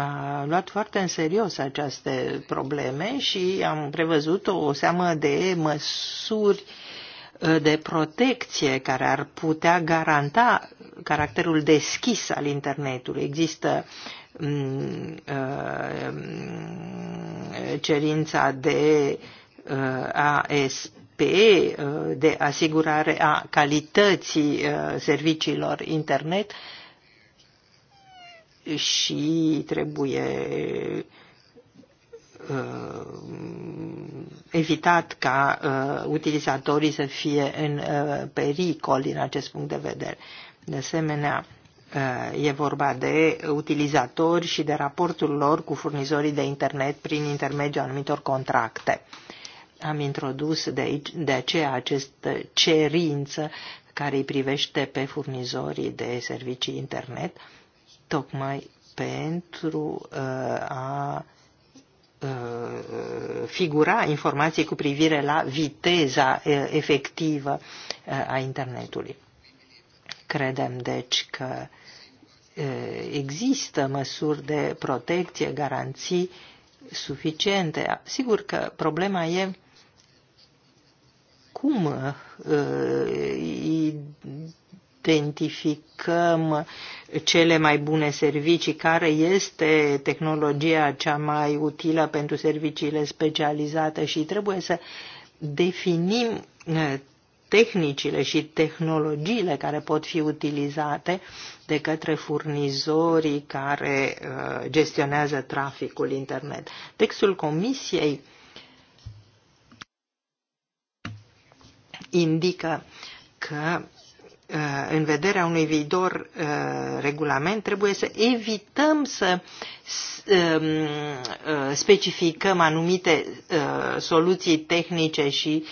a luat foarte în serios aceste probleme și am prevăzut o seamă de măsuri uh, de protecție care ar putea garanta caracterul deschis al internetului. Există mm, uh, cerința de uh, ASP, de asigurare a calității serviciilor internet, și trebuie uh, evitat ca uh, utilizatorii să fie în uh, pericol din acest punct de vedere. De asemenea, e vorba de utilizatori și de raportul lor cu furnizorii de internet prin intermediul anumitor contracte. Am introdus de, aici, de aceea această cerință care îi privește pe furnizorii de servicii internet tocmai pentru uh, a uh, figura informații cu privire la viteza uh, efectivă a internetului. Credem, deci, că există măsuri de protecție, garanții suficiente. Sigur că problema e cum identificăm cele mai bune servicii, care este tehnologia cea mai utilă pentru serviciile specializate și trebuie să definim eh, tehnicile și tehnologiile care pot fi utilizate de către furnizorii care eh, gestionează traficul internet. Textul comisiei indică că Uh, în vederea unui viitor uh, regulament, trebuie să evităm să um, uh, specificăm anumite soluții tehnice și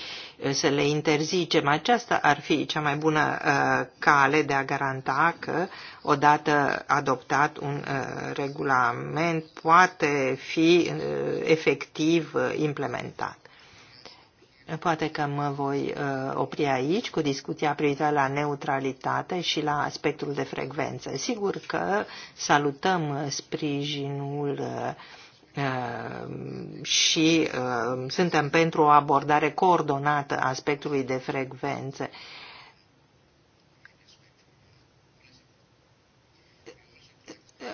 să le interzicem. Aceasta ar fi cea mai bună cale de a garanta că odată adoptat un regulament poate fi efectiv implementat. Poate că mă voi uh, opri aici cu discuția privitoare la neutralitate și la aspectul de frecvență. Sigur că salutăm sprijinul uh, uh, și suntem pentru o abordare coordonată a aspectului de frecvență.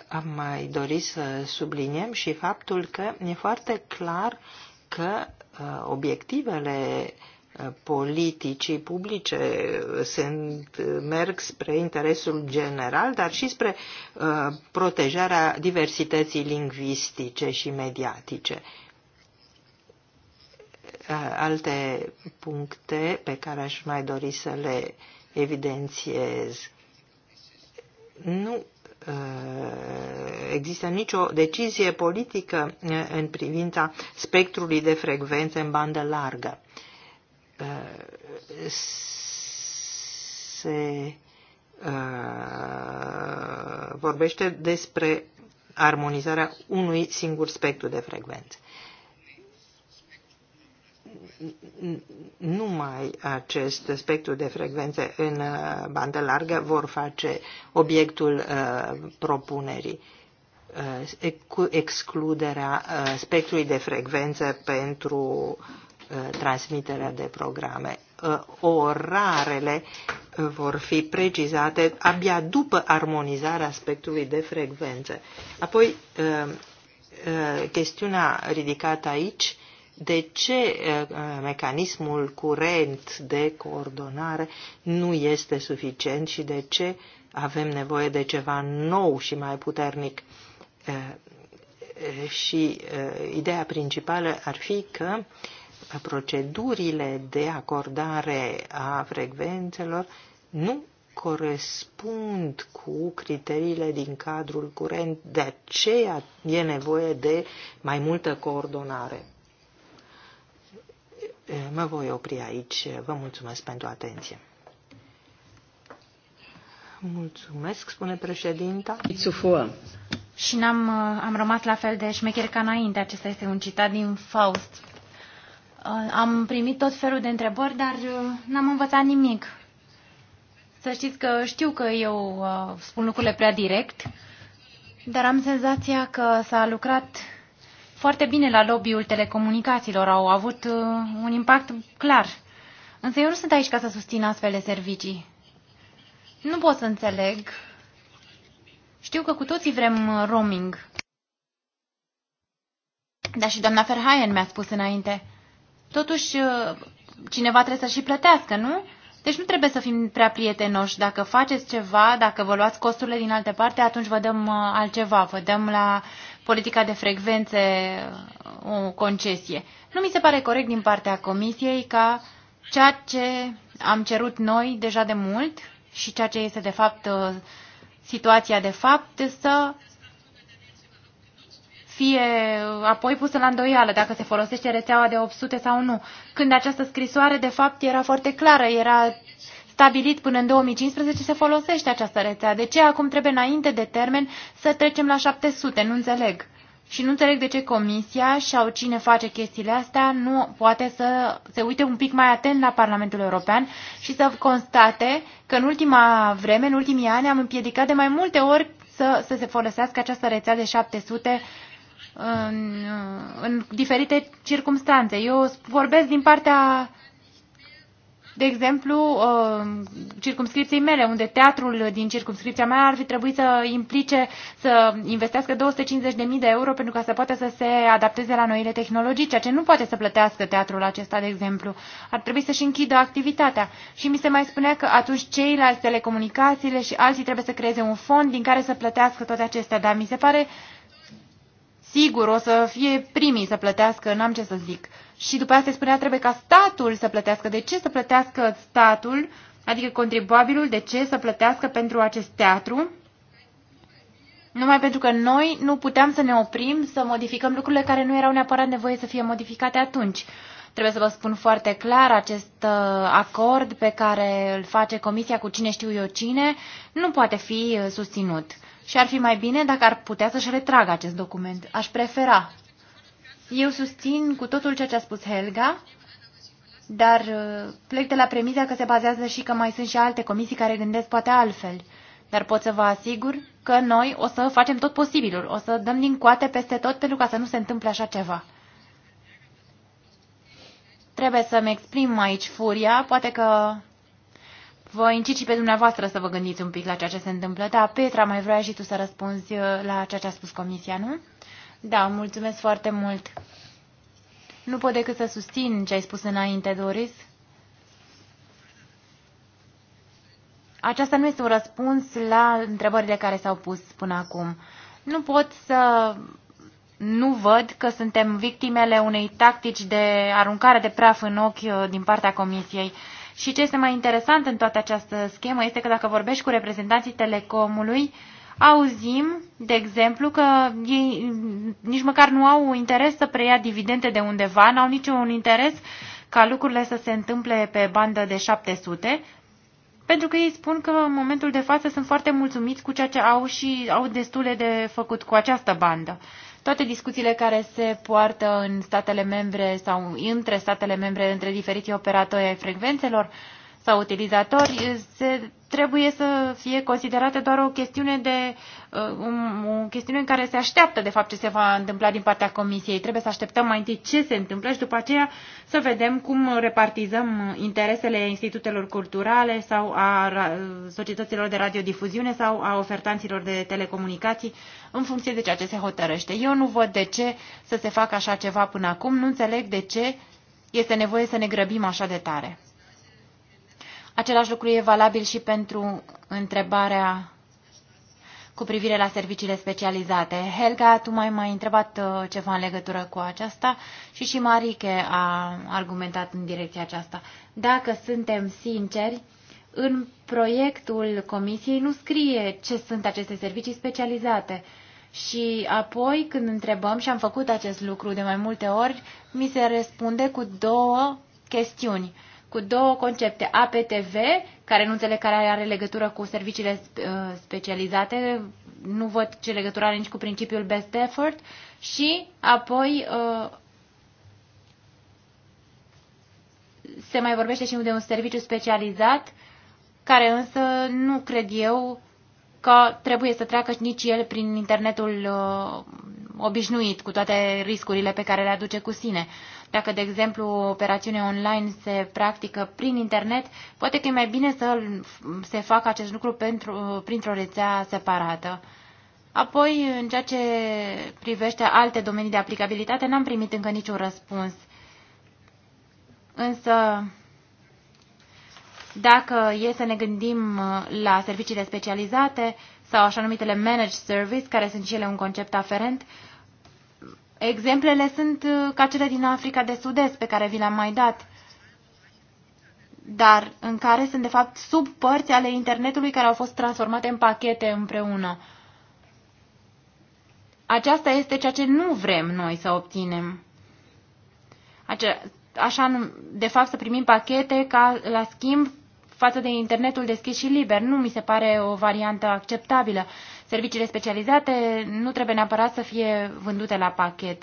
Am mai dorit să subliniem și faptul că e foarte clar că Uh, obiectivele uh, politicii publice uh, sunt, merg spre interesul general, dar și spre protejarea diversității lingvistice și mediatice. alte puncte pe care aș mai dori să le evidențiez. Nu Uh, există nicio decizie politică uh, în privința spectrului de frecvențe în bandă largă. Uh, se vorbește despre armonizarea unui singur spectru de frecvențe numai acest spectru de frecvențe în uh, bandă largă vor face obiectul uh, propunerii uh, cu excluderea spectrului de frecvență pentru transmiterea de programe. Orarele vor fi precizate abia după armonizarea spectrului de frecvență. Apoi, chestiunea ridicată aici de ce eh, mecanismul curent de coordonare nu este suficient și de ce avem nevoie de ceva nou și mai puternic. Eh, eh, și ideea principală ar fi că procedurile de acordare a frecvențelor nu corespund cu criteriile din cadrul curent, de aceea e nevoie de mai multă coordonare. Eh, mă voi opri aici. Vă mulțumesc pentru atenție. Mulțumesc, spune președinta. Și n-am uh, am rămas la fel de șmecher ca înainte. Acesta este un citat din Faust. Uh, am primit tot felul de întrebări, dar uh, n-am învățat nimic. Să știți că știu că eu spun lucrurile prea direct, dar am senzația că s-a lucrat foarte bine la lobby-ul telecomunicațiilor, au avut uh, un impact clar. Însă eu nu sunt aici ca să susțin astfel de servicii. Nu pot să înțeleg. Știu că cu toții vrem uh, roaming. Dar și doamna Ferhaien mi-a spus înainte. Totuși, uh, cineva trebuie să și plătească, nu? Deci nu trebuie să fim prea prietenoși. Dacă faceți ceva, dacă vă luați costurile din alte parte, atunci vă dăm uh, altceva, vă dăm la politica de frecvențe uh, o concesie. Nu mi se pare corect din partea Comisiei ca ceea ce am cerut noi deja de mult și ceea ce este de fapt uh, situația de fapt să fie apoi pusă la îndoială dacă se folosește rețeaua de 800 sau nu, când această scrisoare de fapt era foarte clară, era stabilit până în 2015 se folosește această rețea. De ce acum trebuie înainte de termen să trecem la 700? Nu înțeleg. Și nu înțeleg de ce comisia sau cine face chestiile astea nu poate să se uite un pic mai atent la Parlamentul European și să constate că în ultima vreme, în ultimii ani, am împiedicat de mai multe ori să, să se folosească această rețea de 700 în, în diferite circunstanțe. Eu vorbesc din partea, de exemplu, um, circumscripției mele, unde teatrul din circumscripția mea ar fi trebuit să implice să investească 250.000 de euro pentru ca să poată să se adapteze la noile tehnologii, ceea ce nu poate să plătească teatrul acesta, de exemplu. Ar trebui să-și închidă activitatea. Și mi se mai spunea că atunci ceilalți telecomunicațiile și alții trebuie să creeze un fond din care să plătească toate acestea, dar mi se pare sigur o să fie primii să plătească, n-am ce să zic. Și după asta spunea, trebuie ca statul să plătească. De ce să plătească statul, adică contribuabilul, de ce să plătească pentru acest teatru? Numai pentru că noi nu puteam să ne oprim să modificăm lucrurile care nu erau neapărat nevoie să fie modificate atunci. Trebuie să vă spun foarte clar, acest uh, acord pe care îl face Comisia cu cine știu eu cine nu poate fi uh, susținut și ar fi mai bine dacă ar putea să-și retragă acest document. Aș prefera. Eu susțin cu totul ceea ce a spus Helga, dar uh, plec de la premisa că se bazează și că mai sunt și alte comisii care gândesc poate altfel. Dar pot să vă asigur că noi o să facem tot posibilul, o să dăm din coate peste tot pentru ca să nu se întâmple așa ceva. Trebuie să-mi exprim aici furia, poate că Vă incit și pe dumneavoastră să vă gândiți un pic la ceea ce se întâmplă. Da, Petra, mai vrea și tu să răspunzi uh, la ceea ce a spus comisia, nu? Da, mulțumesc foarte mult. Nu pot decât să susțin ce ai spus înainte, Doris. Aceasta nu este un răspuns la întrebările care s-au pus până acum. Nu pot să nu văd că suntem victimele unei tactici de aruncare de praf în ochi uh, din partea Comisiei. Și ce este mai interesant în toată această schemă este că dacă vorbești cu reprezentanții telecomului, auzim, de exemplu, că ei nici măcar nu au interes să preia dividende de undeva, n-au niciun interes ca lucrurile să se întâmple pe bandă de 700, pentru că ei spun că în momentul de față sunt foarte mulțumiți cu ceea ce au și au destule de făcut cu această bandă. Toate discuțiile care se poartă în statele membre sau între statele membre, între diferiții operatori ai frecvențelor, sau utilizatori se, trebuie să fie considerată doar o chestiune, de, uh, o chestiune în care se așteaptă de fapt ce se va întâmpla din partea Comisiei. Trebuie să așteptăm mai întâi ce se întâmplă și după aceea să vedem cum repartizăm interesele institutelor culturale sau a societăților de radiodifuziune sau a ofertanților de telecomunicații în funcție de ceea ce se hotărăște. Eu nu văd de ce să se facă așa ceva până acum, nu înțeleg de ce este nevoie să ne grăbim așa de tare. Același lucru e valabil și pentru întrebarea cu privire la serviciile specializate. Helga, tu mai mai întrebat uh, ceva în legătură cu aceasta și și Marike a argumentat în direcția aceasta. Dacă suntem sinceri, în proiectul comisiei nu scrie ce sunt aceste servicii specializate. Și apoi, când întrebăm, și am făcut acest lucru de mai multe ori, mi se răspunde cu două chestiuni cu două concepte, APTV, care nu înțeleg care are legătură cu serviciile uh, specializate, nu văd ce legătură are nici cu principiul best effort, și apoi uh, se mai vorbește și de un serviciu specializat, care însă nu cred eu că trebuie să treacă nici el prin internetul uh, obișnuit cu toate riscurile pe care le aduce cu sine. Dacă, de exemplu, o operațiune online se practică prin internet, poate că e mai bine să se facă acest lucru pentru, printr-o rețea separată. Apoi, în ceea ce privește alte domenii de aplicabilitate, n-am primit încă niciun răspuns. Însă, dacă e să ne gândim uh, la serviciile specializate sau așa numitele managed service, care sunt și ele un concept aferent, Exemplele sunt uh, ca cele din Africa de Sud-Est pe care vi le-am mai dat, dar în care sunt de fapt subpărți ale internetului care au fost transformate în pachete împreună. Aceasta este ceea ce nu vrem noi să obținem. așa, de fapt, să primim pachete ca la schimb față de internetul deschis și liber. Nu mi se pare o variantă acceptabilă. Serviciile specializate nu trebuie neapărat să fie vândute la pachet.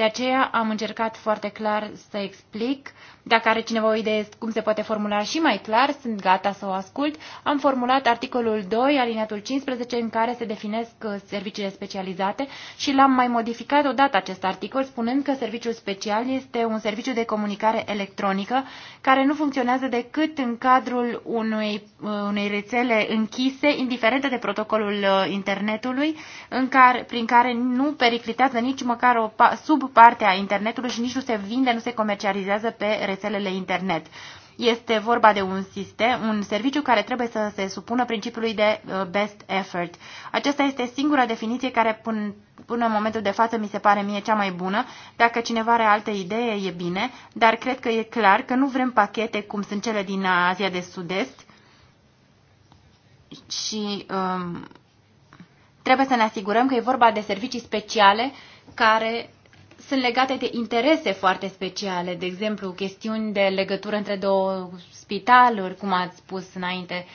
De aceea am încercat foarte clar să explic. Dacă are cineva o idee cum se poate formula și mai clar, sunt gata să o ascult. Am formulat articolul 2, alineatul 15, în care se definesc uh, serviciile specializate și l-am mai modificat odată acest articol, spunând că serviciul special este un serviciu de comunicare electronică care nu funcționează decât în cadrul unei, uh, unei rețele închise, indiferente de protocolul uh, internetului, în care, prin care nu periclitează nici măcar o sub parte a internetului și nici nu se vinde, nu se comercializează pe rețelele internet. Este vorba de un sistem, un serviciu care trebuie să se supună principiului de uh, best effort. Aceasta este singura definiție care până, până în momentul de față mi se pare mie cea mai bună. Dacă cineva are alte idee, e bine, dar cred că e clar că nu vrem pachete cum sunt cele din Asia de Sud-Est și um, trebuie să ne asigurăm că e vorba de servicii speciale care sunt legate de interese foarte speciale, de exemplu, chestiuni de legătură între două spitaluri, cum ați spus înainte,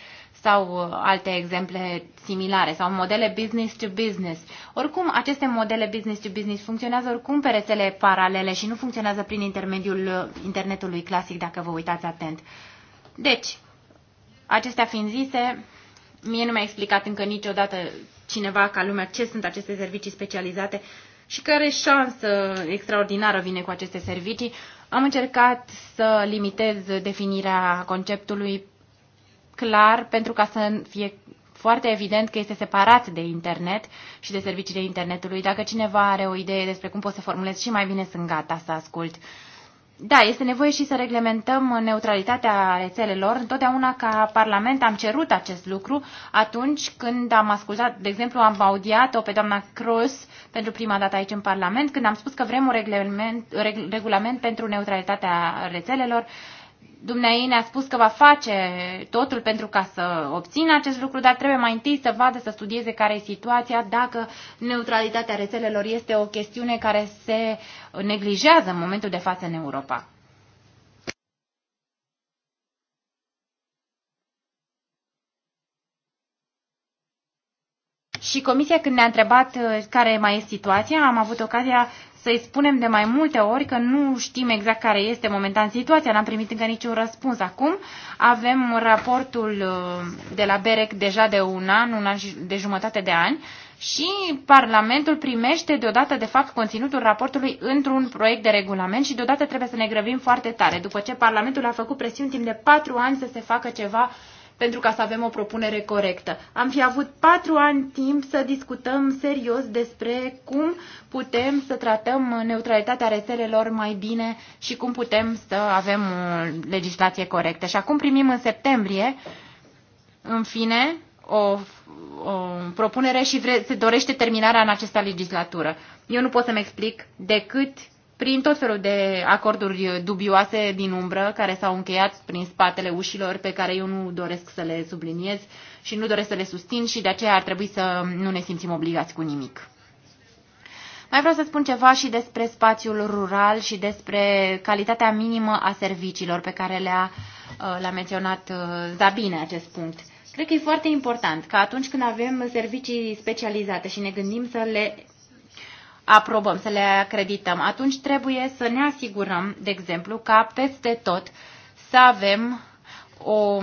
sau uh, alte exemple similare, sau modele business to business. Oricum, aceste modele business to business funcționează oricum pe rețele paralele și nu funcționează prin intermediul uh, internetului clasic, dacă vă uitați atent. Deci, acestea fiind zise, mie nu mi-a explicat încă niciodată cineva ca lumea ce sunt aceste servicii specializate, și care șansă extraordinară vine cu aceste servicii. Am încercat să limitez definirea conceptului clar pentru ca să fie foarte evident că este separat de internet și de serviciile internetului. Dacă cineva are o idee despre cum pot să formulez și mai bine, sunt gata să ascult. Da, este nevoie și să reglementăm neutralitatea rețelelor. Întotdeauna ca Parlament am cerut acest lucru atunci când am ascultat, de exemplu, am audiat-o pe doamna Cross pentru prima dată aici în Parlament, când am spus că vrem un regulament, regulament pentru neutralitatea rețelelor Dumnezeu ne-a spus că va face totul pentru ca să obțină acest lucru, dar trebuie mai întâi să vadă, să studieze care e situația, dacă neutralitatea rețelelor este o chestiune care se neglijează în momentul de față în Europa. Și comisia când ne-a întrebat uh, care mai e situația, am avut ocazia să-i spunem de mai multe ori că nu știm exact care este momentan situația, n-am primit încă niciun răspuns. Acum avem raportul uh, de la BEREC deja de un an, un an de jumătate de ani și Parlamentul primește deodată, de fapt, conținutul raportului într-un proiect de regulament și deodată trebuie să ne grăbim foarte tare. După ce Parlamentul a făcut presiuni timp de patru ani să se facă ceva pentru ca să avem o propunere corectă. Am fi avut patru ani timp să discutăm serios despre cum putem să tratăm neutralitatea rețelelor mai bine și cum putem să avem o legislație corectă. Și acum primim în septembrie, în fine, o, o propunere și vre, se dorește terminarea în această legislatură. Eu nu pot să-mi explic decât prin tot felul de acorduri dubioase din umbră care s-au încheiat prin spatele ușilor pe care eu nu doresc să le subliniez și nu doresc să le susțin și de aceea ar trebui să nu ne simțim obligați cu nimic. Mai vreau să spun ceva și despre spațiul rural și despre calitatea minimă a serviciilor pe care le-a uh, l-a menționat Zabine uh, acest punct. Cred că e foarte important că atunci când avem servicii specializate și ne gândim să le aprobăm, să le acredităm, atunci trebuie să ne asigurăm, de exemplu, ca peste tot să avem o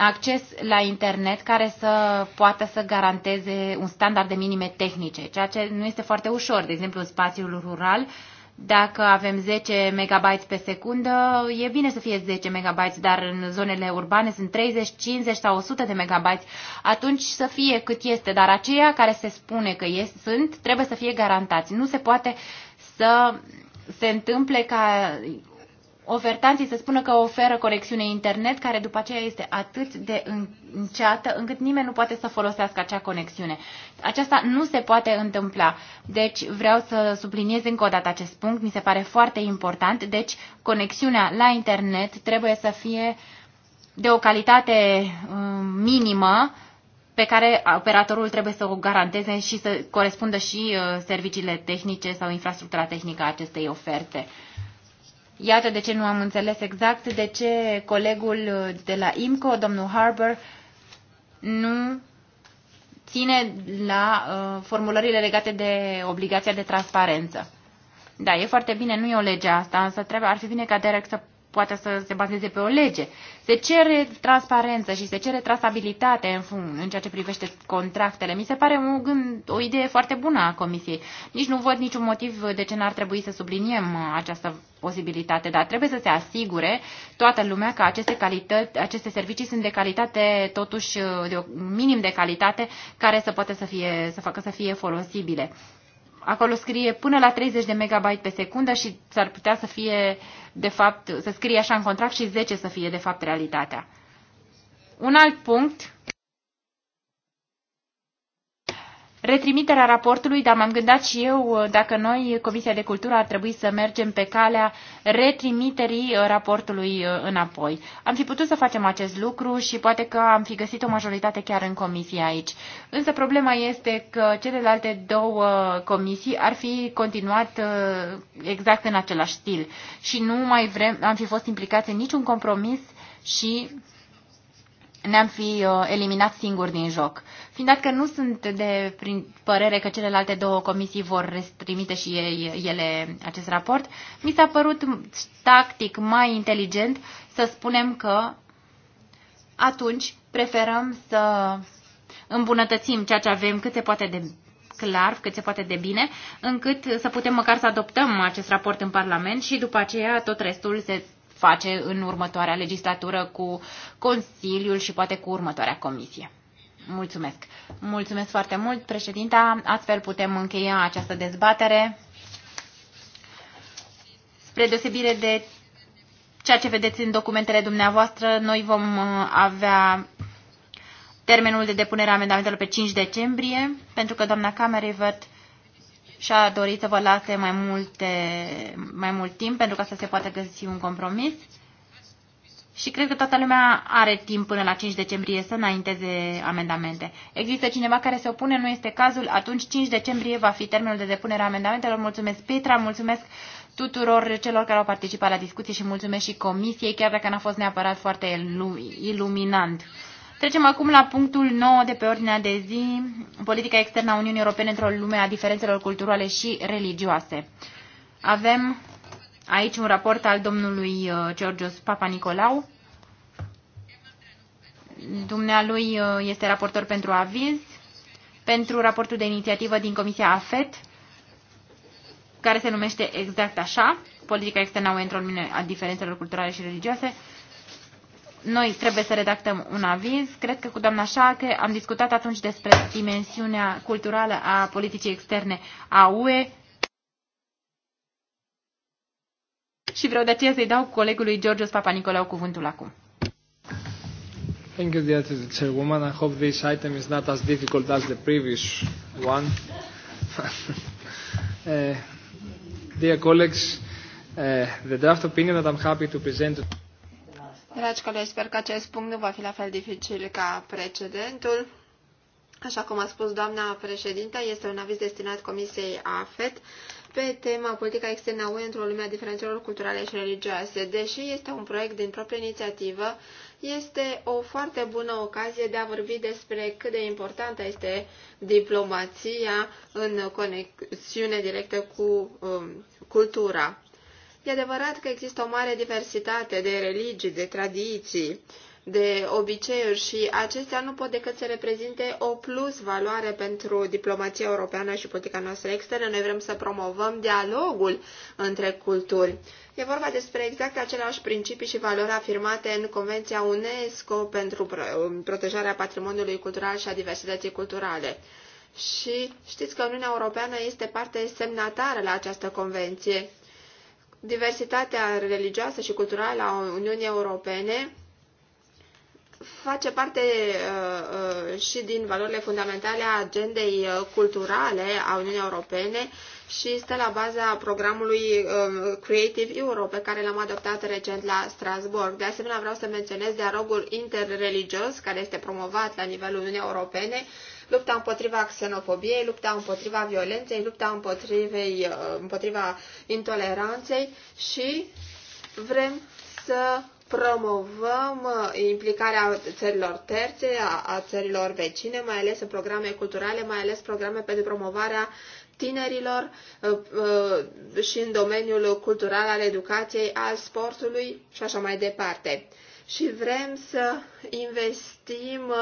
acces la internet care să poată să garanteze un standard de minime tehnice, ceea ce nu este foarte ușor. De exemplu, în spațiul rural, uh, dacă avem 10 MB pe secundă, e bine să fie 10 MB, dar în zonele urbane sunt 30, 50 sau 100 de MB. Atunci să fie cât este, dar aceia care se spune că e, sunt, trebuie să fie garantați. Nu se poate să se întâmple ca ofertanții să spună că oferă conexiune internet, care după aceea este atât de înceată încât nimeni nu poate să folosească acea conexiune. Aceasta nu se poate întâmpla. Deci vreau să subliniez încă o dată acest punct, mi se pare foarte important. Deci conexiunea la internet trebuie să fie de o calitate um, minimă pe care operatorul trebuie să o garanteze și să corespundă și uh, serviciile tehnice sau infrastructura tehnică a acestei oferte. Iată de ce nu am înțeles exact de ce colegul de la IMCO, domnul Harbour, nu ține la uh, formulările legate de obligația de transparență. Da, e foarte bine, nu e o lege asta, însă trebuie, ar fi bine ca Derek să poate să se bazeze pe o lege. Se cere transparență și se cere trasabilitate în, fun, în ceea ce privește contractele. Mi se pare un gând, o idee foarte bună a Comisiei. Nici nu văd niciun motiv de ce n-ar trebui să subliniem uh, această posibilitate, dar trebuie să se asigure toată lumea că aceste, calități, aceste servicii sunt de calitate, totuși uh, de minim de calitate, care să poate să, fie, să facă să fie folosibile acolo scrie până la 30 de megabyte pe secundă și s-ar putea să fie, de fapt, să scrie așa în contract și 10 să fie, de fapt, realitatea. Un alt punct retrimiterea raportului, dar m-am gândit și eu uh, dacă noi, Comisia de Cultură, ar trebui să mergem pe calea retrimiterii uh, raportului uh, înapoi. Am fi putut să facem acest lucru și poate că am fi găsit o majoritate chiar în comisie aici. Însă problema este că celelalte două comisii ar fi continuat exact în același stil și nu mai vrem, am fi fost implicați în niciun compromis și ne-am fi uh, eliminat singuri din joc. Fiind dat că nu sunt de prin părere că celelalte două comisii vor trimite și ei, ele acest raport, mi s-a părut tactic mai inteligent să spunem că atunci preferăm să îmbunătățim ceea ce avem cât se poate de clar, cât se poate de bine, încât să putem măcar să adoptăm acest raport în Parlament și după aceea tot restul se face în următoarea legislatură cu Consiliul și poate cu următoarea comisie. Mulțumesc. Mulțumesc foarte mult, președinta. Astfel putem încheia această dezbatere. Spre deosebire de ceea ce vedeți în documentele dumneavoastră, noi vom uh, avea termenul de depunere a amendamentelor pe 5 decembrie, pentru că doamna văd și a dorit să vă lase mai, multe, mai mult timp pentru ca să se poată găsi un compromis. Și cred că toată lumea are timp până la 5 decembrie să înainteze amendamente. Există cineva care se opune, nu este cazul, atunci 5 decembrie va fi termenul de depunere a amendamentelor. Mulțumesc, Petra, mulțumesc tuturor celor care au participat la discuție și mulțumesc și comisiei, chiar dacă n-a fost neapărat foarte iluminant. Trecem acum la punctul 9 de pe ordinea de zi, politica externă a Uniunii Europene într-o lume a diferențelor culturale și religioase. Avem aici un raport al domnului uh, Georgios Papanicolau. Dumnealui uh, este raportor pentru aviz, pentru raportul de inițiativă din Comisia AFET, care se numește exact așa, politica externă a Uniunii Europene a diferențelor culturale și religioase, noi trebuie să redactăm un aviz. Cred că cu doamna Șache am discutat atunci despre dimensiunea culturală a politicii externe a UE și vreau de aceea să-i dau colegului Georgios Papanicolau cuvântul acum. Thank you, dear Chairwoman. I hope this item is not as difficult as the previous one. uh, dear colleagues, uh, the draft opinion that I'm happy to present Dragi colegi, sper că acest punct nu va fi la fel dificil ca precedentul. Așa cum a spus doamna președintă, este un aviz destinat Comisiei AFET pe tema politica externă a UE într-o lume a diferențelor culturale și religioase. Deși este un proiect din proprie inițiativă, este o foarte bună ocazie de a vorbi despre cât de importantă este diplomația în conexiune directă cu um, cultura. E adevărat că există o mare diversitate de religii, de tradiții, de obiceiuri și acestea nu pot decât să reprezinte o plus valoare pentru diplomația europeană și politica noastră externă. Noi vrem să promovăm dialogul între culturi. E vorba despre exact aceleași principii și valori afirmate în Convenția UNESCO pentru protejarea patrimoniului cultural și a diversității culturale. Și știți că Uniunea Europeană este parte semnatară la această convenție diversitatea religioasă și culturală a Uniunii Europene face parte uh, uh, și din valorile fundamentale a agendei uh, culturale a Uniunii Europene și stă la baza programului uh, Creative Europe, pe care l-am adoptat recent la Strasbourg. De asemenea, vreau să menționez dialogul interreligios care este promovat la nivelul Uniunii Europene lupta împotriva xenofobiei, lupta împotriva violenței, lupta împotrivei, uh, împotriva intoleranței și vrem să promovăm uh, implicarea țărilor terțe, a, a țărilor vecine, mai ales în programe culturale, mai ales programe pentru promovarea tinerilor uh, și în domeniul cultural al educației, al sportului și așa mai departe și vrem să investim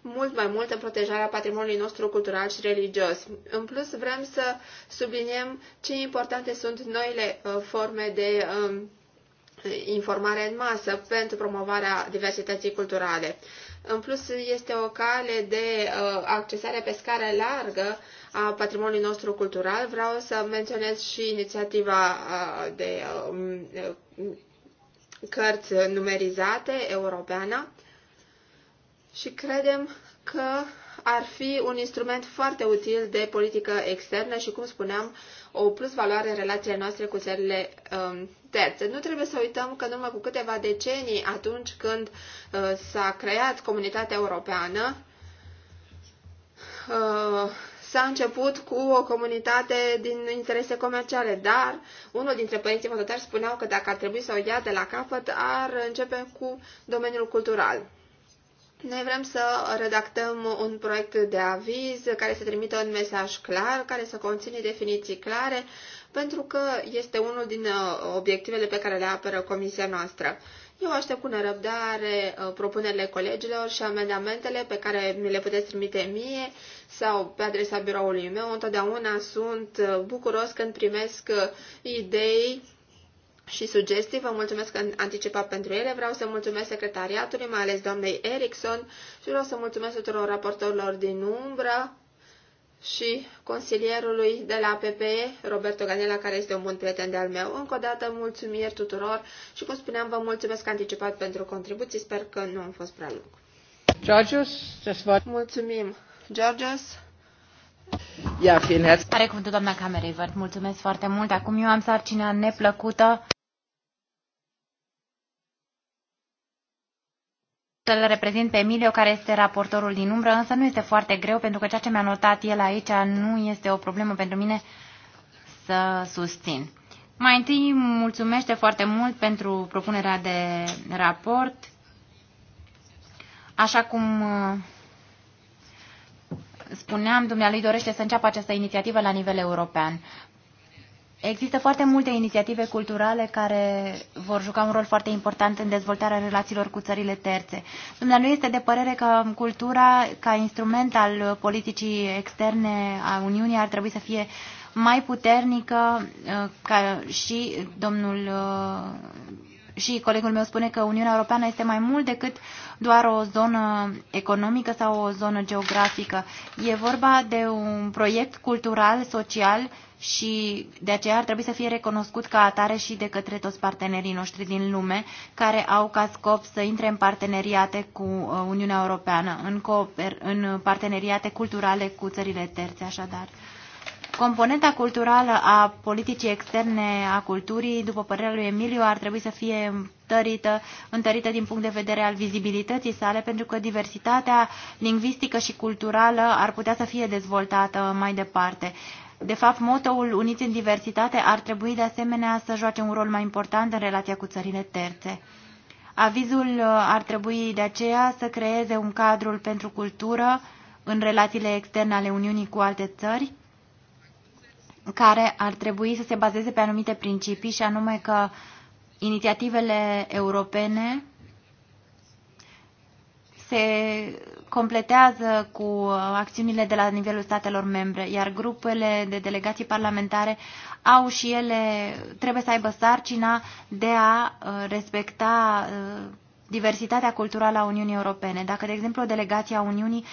mult mai mult în protejarea patrimoniului nostru cultural și religios. În plus, vrem să subliniem ce importante sunt noile uh, forme de um, informare în masă pentru promovarea diversității culturale. În plus, este o cale de uh, accesare pe scară largă a patrimoniului nostru cultural. Vreau să menționez și inițiativa uh, de cărți numerizate, europeană, și credem că ar fi un instrument foarte util de politică externă și, cum spuneam, o plus valoare în relațiile noastre cu țările um, terțe. Nu trebuie să uităm că numai cu câteva decenii atunci când uh, s-a creat comunitatea europeană, uh, S-a început cu o comunitate din interese comerciale, dar unul dintre părinții fondatari spuneau că dacă ar trebui să o ia de la capăt, ar începe cu domeniul cultural. Noi vrem să redactăm un proiect de aviz care să trimită un mesaj clar, care să conține definiții clare, pentru că este unul din uh, obiectivele pe care le apără comisia noastră. Eu aștept cu nerăbdare uh, propunerile colegilor și amendamentele pe care mi le puteți trimite mie sau pe adresa biroului meu. Întotdeauna sunt uh, bucuros când primesc uh, idei și sugestii. Vă mulțumesc în anticipat pentru ele. Vreau să mulțumesc secretariatului, mai ales doamnei Erickson și vreau să mulțumesc tuturor raportorilor din umbră și consilierului de la PPE, Roberto Ganela, care este un bun prieten de-al meu. Încă o dată, mulțumiri tuturor și, cum spuneam, vă mulțumesc anticipat pentru contribuții. Sper că nu am fost prea lung. Georgios, Mulțumim, Georgios. Ia, fine. Are cuvântul doamna Camerei, vă mulțumesc foarte mult. Acum eu am sarcina neplăcută îl reprezint pe Emilio, care este raportorul din umbră, însă nu este foarte greu, pentru că ceea ce mi-a notat el aici nu este o problemă pentru mine să susțin. Mai întâi, mulțumește foarte mult pentru propunerea de raport. Așa cum ă, spuneam, dumnealui dorește să înceapă această inițiativă la nivel european. Există foarte multe inițiative culturale care vor juca un rol foarte important în dezvoltarea relațiilor cu țările terțe. nu este de părere că cultura, ca instrument al politicii externe a Uniunii, ar trebui să fie mai puternică uh, ca și domnul uh, și colegul meu spune că Uniunea Europeană este mai mult decât doar o zonă economică sau o zonă geografică. E vorba de un proiect cultural, social, și de aceea ar trebui să fie recunoscut ca atare și de către toți partenerii noștri din lume care au ca scop să intre în parteneriate cu uh, Uniunea Europeană, în, cooper, în parteneriate culturale cu țările terțe, așadar. Componenta culturală a politicii externe a culturii, după părerea lui Emiliu, ar trebui să fie întărită, întărită din punct de vedere al vizibilității sale, pentru că diversitatea lingvistică și culturală ar putea să fie dezvoltată mai departe. De fapt, motoul Uniți în diversitate ar trebui de asemenea să joace un rol mai important în relația cu țările terțe. Avizul uh, ar trebui de aceea să creeze un cadru pentru cultură în relațiile externe ale Uniunii cu alte țări, care ar trebui să se bazeze pe anumite principii și anume că inițiativele europene se completează cu uh, acțiunile de la nivelul statelor membre, iar grupele de delegații parlamentare au și ele, trebuie să aibă sarcina de a uh, respecta uh, diversitatea culturală a Uniunii Europene. Dacă, de exemplu, o delegație a Uniunii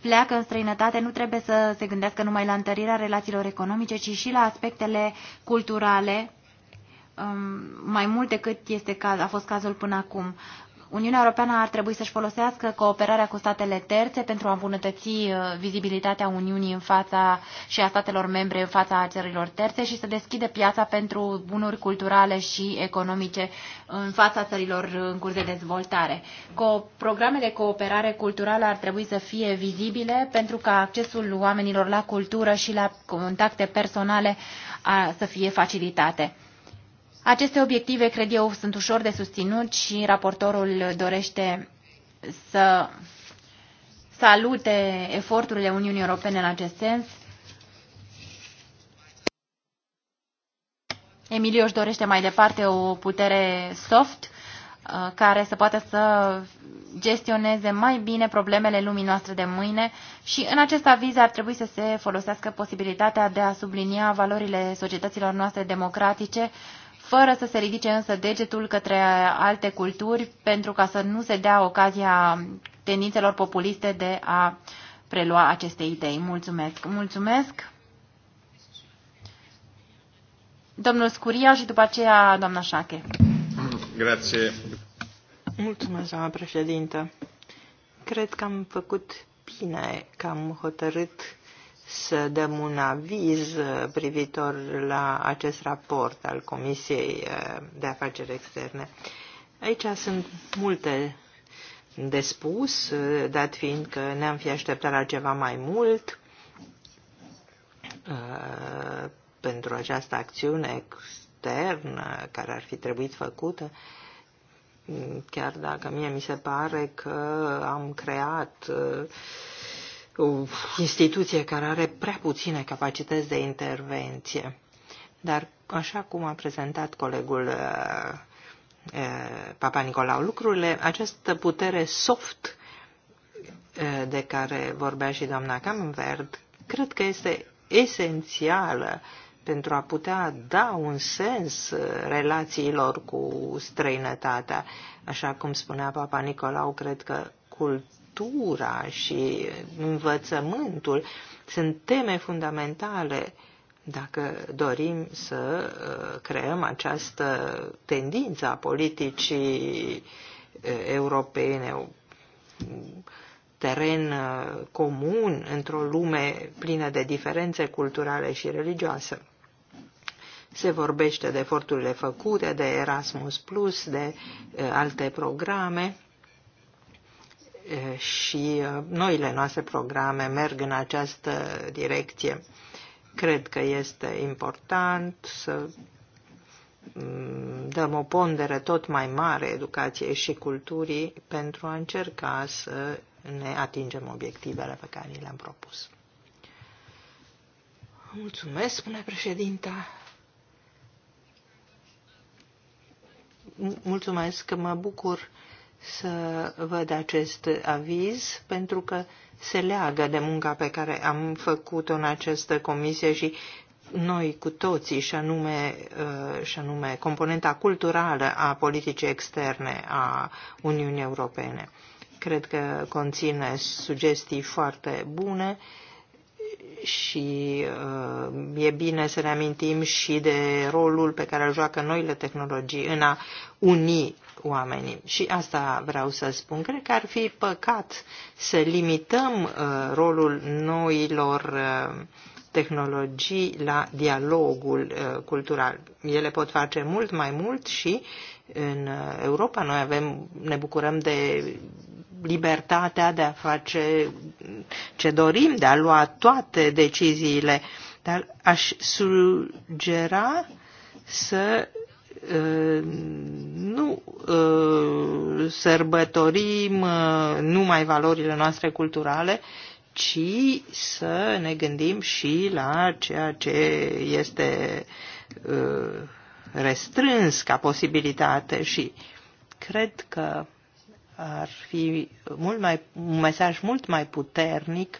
pleacă în străinătate, nu trebuie să se gândească numai la întărirea relațiilor economice, ci și la aspectele culturale, um, mai mult decât este caz, a fost cazul până acum. Uniunea Europeană ar trebui să-și folosească cooperarea cu statele terțe pentru a îmbunătăți uh, vizibilitatea Uniunii în fața și a statelor membre în fața țărilor terțe și să deschide piața pentru bunuri culturale și economice în fața țărilor uh, în curs de dezvoltare. Co- programe de cooperare culturală ar trebui să fie vizibile pentru ca accesul oamenilor la cultură și la contacte personale a, uh, să fie facilitate. Aceste obiective, cred eu, sunt ușor de susținut și raportorul dorește să salute eforturile Uniunii Europene în acest sens. Emilio își dorește mai departe o putere soft uh, care să poată să gestioneze mai bine problemele lumii noastre de mâine și în acest aviz ar trebui să se folosească posibilitatea de a sublinia valorile societăților noastre democratice fără să se ridice însă degetul către alte culturi, pentru ca să nu se dea ocazia tendințelor populiste de a prelua aceste idei. Mulțumesc! Mulțumesc! Domnul Scuria și după aceea doamna Șache. Grație. Mulțumesc, doamna președintă. Cred că am făcut bine că am hotărât să dăm un aviz privitor la acest raport al Comisiei eh, de Afaceri Externe. Aici sunt multe de spus, eh, dat fiind că ne-am fi așteptat la ceva mai mult eh, pentru această acțiune externă care ar fi trebuit făcută, chiar dacă mie mi se pare că am creat o instituție care are prea puține capacități de intervenție. Dar, așa cum a prezentat colegul uh, uh, Papa Nicolau lucrurile, această putere soft uh, de care vorbea și doamna Camverd, cred că este esențială pentru a putea da un sens relațiilor cu străinătatea. Așa cum spunea Papa Nicolau, cred că cult cultura și învățământul sunt teme fundamentale dacă dorim să uh, creăm această tendință a politicii uh, europene, teren uh, comun într-o lume plină de diferențe culturale și religioase. Se vorbește de eforturile făcute, de Erasmus+, de alte programe și uh, noile noastre programe merg în această direcție. Cred că este important să mm, dăm o pondere tot mai mare educației și culturii pentru a încerca să ne atingem obiectivele pe care ni le-am propus. Mulțumesc, spune președinta. Mulțumesc că mă bucur să văd acest aviz pentru că se leagă de munca pe care am făcut-o în această comisie și noi cu toții, și anume, uh, și anume componenta culturală a politicii externe a Uniunii Europene. Cred că conține sugestii foarte bune și uh, e bine să ne amintim și de rolul pe care îl joacă noile tehnologii în a uni oamenii. Și asta vreau să spun. Cred că ar fi păcat să limităm uh, rolul noilor uh, tehnologii la dialogul uh, cultural. Ele pot face mult mai mult și în uh, Europa noi avem, ne bucurăm de libertatea de a face ce dorim, de a lua toate deciziile, dar aș sugera să Ehm, nu ehm, sărbătorim ehm, numai valorile noastre culturale, ci să ne gândim și la ceea ce este restrâns ca posibilitate și cred că ar fi mult mai, un mesaj mult mai puternic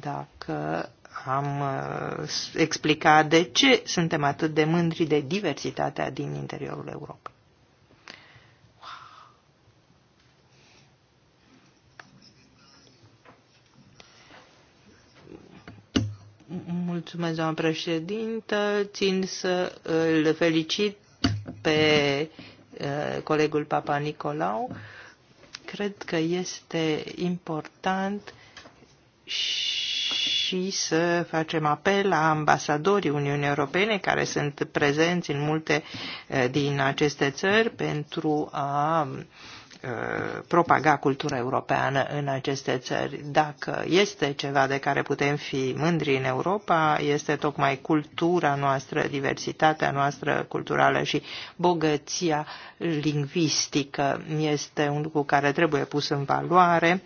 dacă am uh, explicat de ce suntem atât de mândri de diversitatea din interiorul Europei. Mulțumesc, doamnă președintă. Țin să îl felicit pe uh, colegul Papa Nicolau. Cred că este important și și să facem apel la ambasadorii Uniunii Europene care sunt prezenți în multe eh, din aceste țări pentru a eh, propaga cultura europeană în aceste țări. Dacă este ceva de care putem fi mândri în Europa, este tocmai cultura noastră, diversitatea noastră culturală și bogăția lingvistică. Este un lucru care trebuie pus în valoare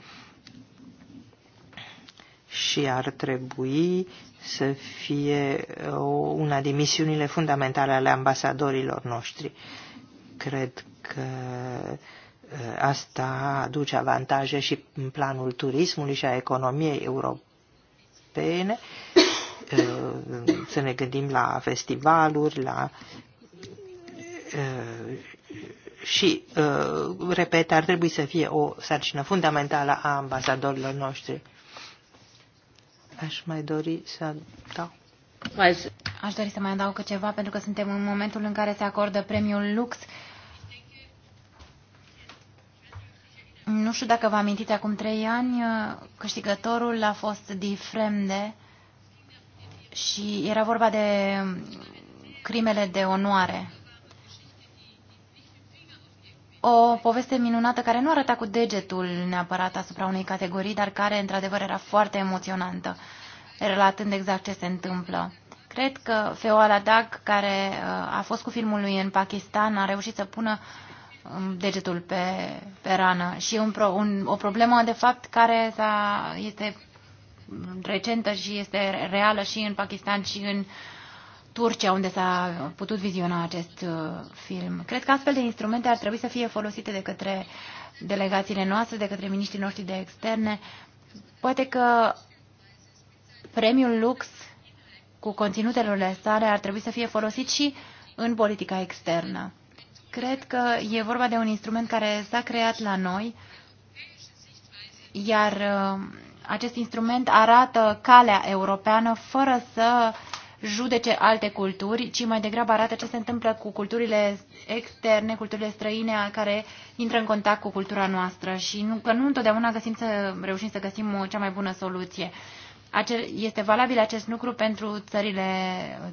și ar trebui să fie uh, una din misiunile fundamentale ale ambasadorilor noștri. Cred că uh, asta aduce avantaje și în planul turismului și a economiei europene. Uh, să ne gândim la festivaluri, la și, repet, ar trebui să fie o sarcină fundamentală a ambasadorilor noștri. Aș mai dori să dau. Aș dori să mai adaug ceva, pentru că suntem în momentul în care se acordă premiul Lux. Nu știu dacă vă amintiți, acum trei ani câștigătorul a fost Difremde și era vorba de crimele de onoare o poveste minunată care nu arăta cu degetul neapărat asupra unei categorii, dar care într-adevăr era foarte emoționantă, relatând exact ce se întâmplă. Cred că Feoala Dag, care uh, a fost cu filmul lui în Pakistan, a reușit să pună um, degetul pe, pe rană și un, un, o problemă, de fapt, care este recentă și este reală și în Pakistan și în uh, Turcia, unde s-a putut viziona acest uh, film. Cred că astfel de instrumente ar trebui să fie folosite de către delegațiile noastre, de către miniștrii noștri de externe. Poate că premiul Lux cu conținuturile sale ar trebui să fie folosit și în politica externă. Cred că e vorba de un instrument care s-a creat la noi, iar uh, acest instrument arată calea europeană fără să uh, judece alte culturi, ci mai degrabă arată ce se întâmplă cu culturile externe, culturile străine care intră în contact cu cultura noastră și nu, că nu întotdeauna găsim să reușim să găsim cea mai bună soluție. Acel, este valabil acest lucru pentru țările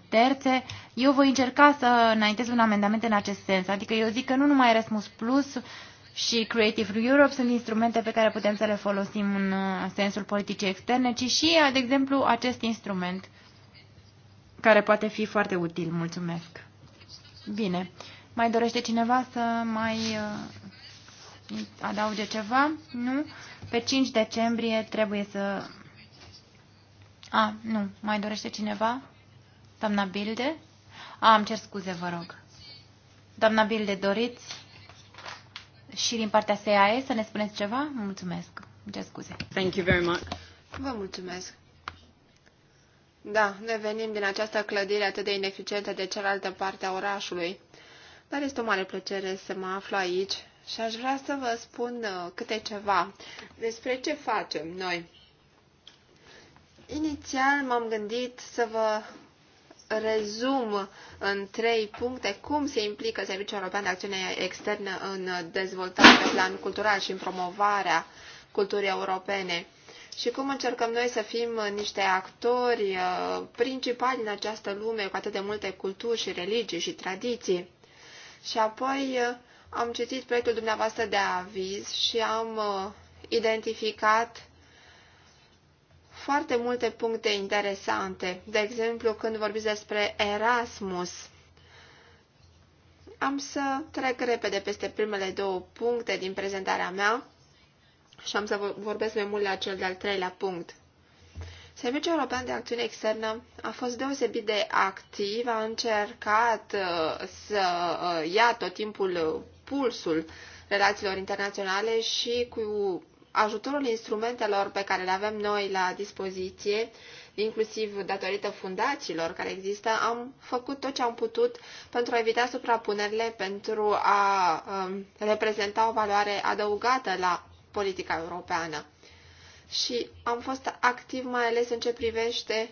terțe. Eu voi încerca să înaintez un amendament în acest sens. Adică eu zic că nu numai Erasmus Plus, și Creative Europe sunt instrumente pe care putem să le folosim în sensul politicii externe, ci și, de exemplu, acest instrument care poate fi foarte util. Mulțumesc. Bine. Mai dorește cineva să mai uh, adauge ceva? Nu? Pe 5 decembrie trebuie să... A, nu. Mai dorește cineva? Doamna Bilde? A, îmi cer scuze, vă rog. Doamna Bilde, doriți și din partea SAE să ne spuneți ceva? Mulțumesc. Îmi cer scuze. Thank you very much. Vă mulțumesc. Da, noi venim din această clădire atât de ineficientă de cealaltă parte a orașului, dar este o mare plăcere să mă aflu aici și aș vrea să vă spun uh, câte ceva despre ce facem noi. Inițial m-am gândit să vă rezum în trei puncte cum se implică Serviciul European de Acțiune Externă în dezvoltarea pe plan cultural și în promovarea culturii europene și cum încercăm noi să fim uh, niște actori uh, principali în această lume cu atât de multe culturi și religii și tradiții. Și apoi uh, am citit proiectul dumneavoastră de aviz și am identificat foarte multe puncte interesante. De exemplu, când vorbiți despre Erasmus, am să trec repede peste primele două puncte din prezentarea mea și am să vorbesc mai mult la cel de-al treilea punct. Serviciul European de Acțiune Externă a fost deosebit de activ, a încercat uh, să uh, ia tot timpul pulsul relațiilor internaționale și cu ajutorul instrumentelor pe care le avem noi la dispoziție, inclusiv datorită fundațiilor care există, am făcut tot ce am putut pentru a evita suprapunerile, pentru a um, reprezenta o valoare adăugată la politica europeană. Și am fost activ mai ales în ce privește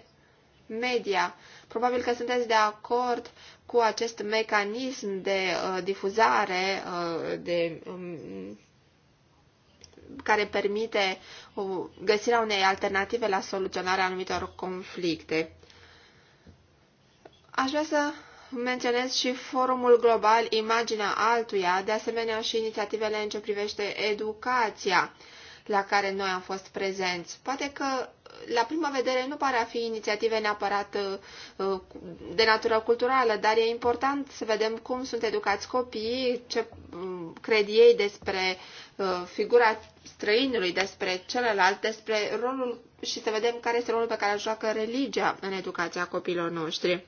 media. Probabil că sunteți de acord cu acest mecanism de uh, difuzare uh, de, um, care permite uh, găsirea unei alternative la soluționarea anumitor conflicte. Aș vrea să menționez și forumul global Imaginea Altuia, de asemenea și inițiativele în ce privește educația la care noi am fost prezenți. Poate că la prima vedere nu pare a fi inițiative neapărat uh, de natură culturală, dar e important să vedem cum sunt educați copiii, ce mm, cred ei despre uh, figura străinului, despre celălalt, despre rolul și să vedem care este rolul pe care îl joacă religia în educația copiilor noștri.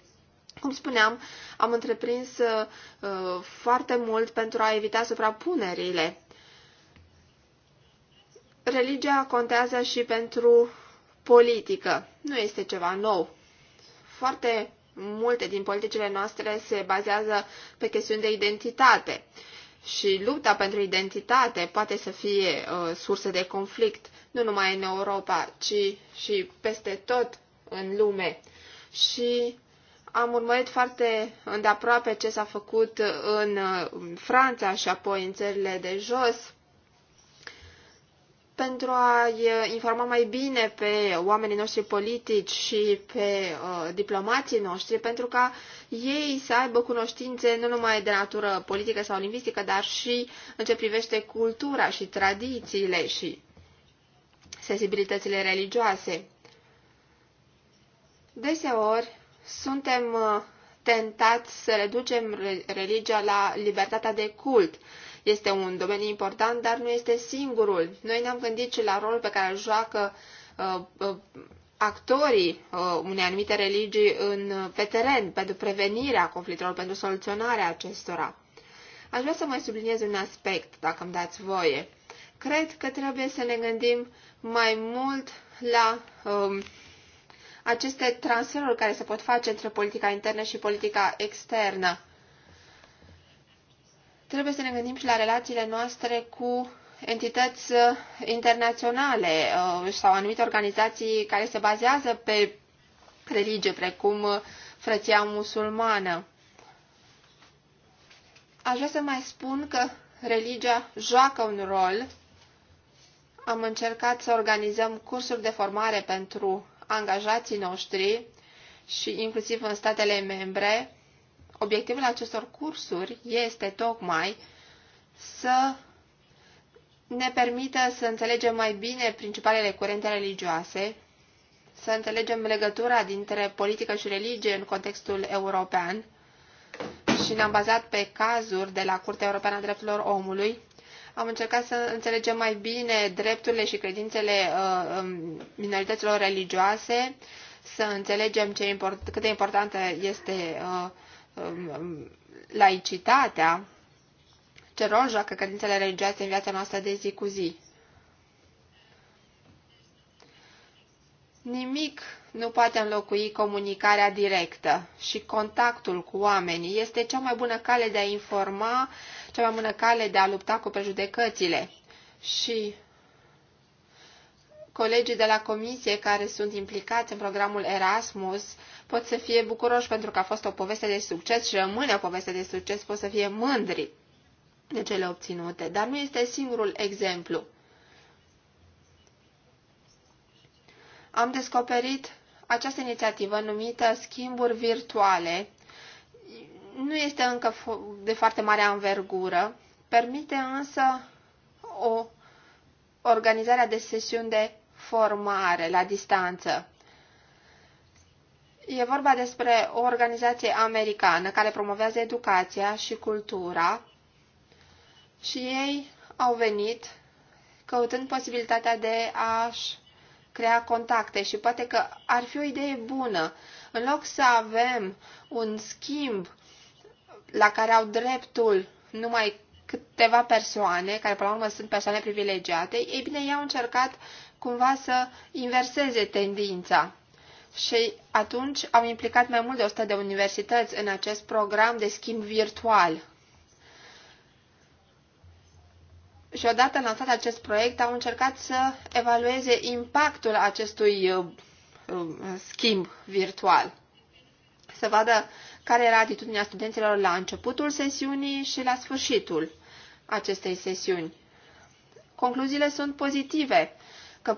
Cum spuneam, am întreprins uh, foarte mult pentru a evita suprapunerile. Religia contează și pentru politică. Nu este ceva nou. Foarte multe din politicile noastre se bazează pe chestiuni de identitate și lupta pentru identitate poate să fie uh, sursă de conflict, nu numai în Europa, ci și peste tot în lume. Și am urmărit foarte îndeaproape ce s-a făcut în uh, Franța și apoi în țările de jos pentru a-i uh, informa mai bine pe oamenii noștri politici și pe uh, diplomații noștri, pentru ca ei să aibă cunoștințe nu numai de natură politică sau lingvistică, dar și în ce privește cultura și tradițiile și sensibilitățile religioase. Deseori, suntem uh, tentați să reducem religia la libertatea de cult. Este un domeniu important, dar nu este singurul. Noi ne-am gândit și la rolul pe care îl joacă uh, uh actorii uh, unei anumite religii în, uh, pe teren, pentru prevenirea conflictelor, pentru soluționarea acestora. Aș vrea să mai subliniez un aspect, dacă îmi dați voie. Cred că trebuie să ne gândim mai mult la uh, aceste transferuri care se pot face între politica internă și politica externă. Trebuie să ne gândim și la relațiile noastre cu entități uh, internaționale uh, sau anumite organizații care se bazează pe religie, precum uh, frăția musulmană. Aș vrea să mai spun că religia joacă un rol. Am încercat să organizăm cursuri de formare pentru angajații noștri și inclusiv în statele membre, obiectivul acestor cursuri este tocmai să ne permită să înțelegem mai bine principalele curente religioase, să înțelegem legătura dintre politică și religie în contextul european și ne-am bazat pe cazuri de la Curtea Europeană a Drepturilor Omului am încercat să înțelegem mai bine drepturile și credințele uh, um, minorităților religioase, să înțelegem ce import, cât de importantă este uh, um, um, laicitatea, ce rol joacă credințele religioase în viața noastră de zi cu zi. Nimic nu poate înlocui comunicarea directă și contactul cu oamenii. Este cea mai bună cale de a informa, cea mai bună cale de a lupta cu prejudecățile. Și colegii de la comisie care sunt implicați în programul Erasmus pot să fie bucuroși pentru că a fost o poveste de succes și rămâne o poveste de succes, pot să fie mândri de cele obținute. Dar nu este singurul exemplu. am descoperit această inițiativă numită Schimburi Virtuale. Nu este încă de foarte mare anvergură, permite însă o organizarea de sesiuni de formare la distanță. E vorba despre o organizație americană care promovează educația și cultura și ei au venit căutând posibilitatea de a-și crea contacte și poate că ar fi o idee bună, în loc să avem un schimb la care au dreptul numai câteva persoane, care până la urmă sunt persoane privilegiate, ei bine, ei au încercat cumva să inverseze tendința. Și atunci au implicat mai mult de 100 de universități în acest program de schimb virtual. și odată lansat acest proiect au încercat să evalueze impactul acestui uh, uh, schimb virtual. Să vadă care era atitudinea studenților la începutul sesiunii și la sfârșitul acestei sesiuni. Concluziile sunt pozitive, că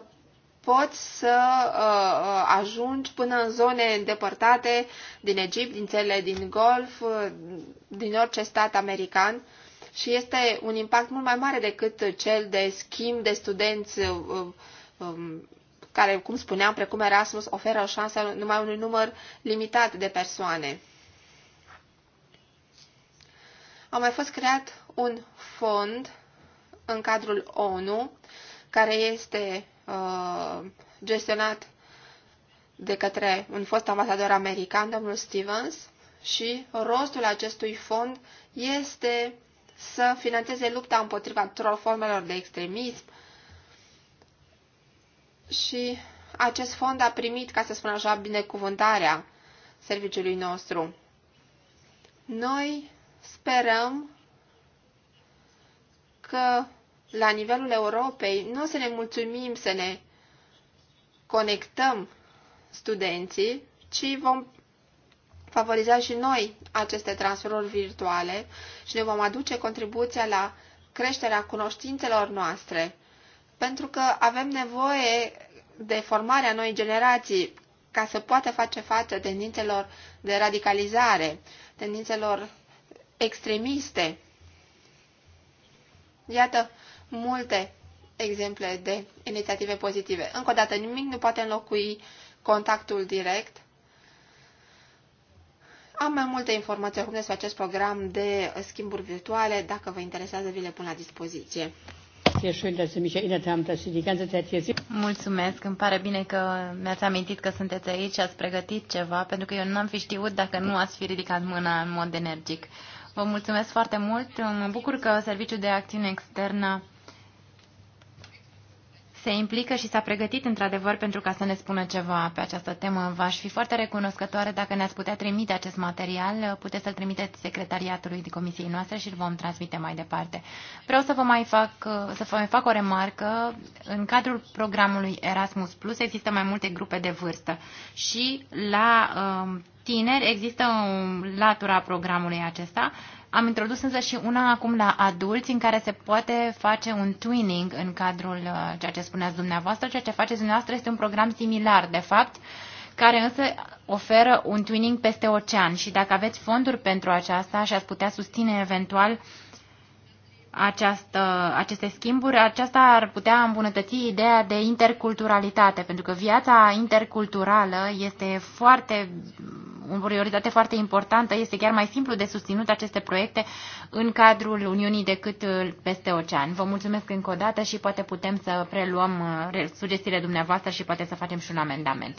poți să uh, uh ajungi până în zone îndepărtate din Egipt, din țele din Golf, din orice stat american, uh, și este un impact mult mai mare decât cel de schimb de studenți uh, um, um, care, cum spuneam, precum Erasmus, oferă o șansă numai unui număr limitat de persoane. A mai fost creat un fond în cadrul ONU, care este uh, gestionat de către un fost ambasador american, domnul Stevens, și rostul acestui fond este să financeze lupta împotriva tuturor formelor de extremism și acest fond a primit, ca să spun așa, binecuvântarea serviciului nostru. Noi sperăm că la nivelul Europei nu să ne mulțumim să ne conectăm studenții, ci vom favoriza și noi aceste transferuri virtuale și ne vom aduce contribuția la creșterea cunoștințelor noastre, pentru că avem nevoie de formarea noi generații ca să poată face față tendințelor de radicalizare, tendințelor extremiste. Iată multe exemple de inițiative pozitive. Încă o dată, nimic nu poate înlocui contactul direct, am mai multe informații acum despre acest program de schimburi virtuale. Dacă vă interesează, vi le pun la dispoziție. Mulțumesc, îmi pare bine că mi-ați amintit că sunteți aici, ați pregătit ceva, pentru că eu nu am fi știut dacă nu ați fi ridicat mâna în mod energic. Vă mulțumesc foarte mult, mă bucur că Serviciul de Acțiune Externă se implică și s-a pregătit într-adevăr pentru ca să ne spună ceva pe această temă. V-aș fi foarte recunoscătoare dacă ne-ați putea trimite acest material. Puteți să-l trimiteți secretariatului de comisiei noastre și îl vom transmite mai departe. Vreau să vă mai fac, să vă mai fac o remarcă. În cadrul programului Erasmus Plus există mai multe grupe de vârstă și la um, tineri există o latura programului acesta am introdus însă și una acum la adulți în care se poate face un twinning în cadrul uh, ceea ce spuneați dumneavoastră. Ceea ce faceți dumneavoastră este un program similar, de fapt, care însă oferă un twinning peste ocean și dacă aveți fonduri pentru aceasta și ați putea susține eventual uh, această, aceste schimburi, aceasta ar putea îmbunătăți ideea de interculturalitate, pentru că viața interculturală este foarte o prioritate foarte importantă, este chiar mai simplu de susținut aceste proiecte în cadrul Uniunii decât peste ocean. Vă mulțumesc încă o dată și poate putem să preluăm sugestiile dumneavoastră și poate să facem și un amendament.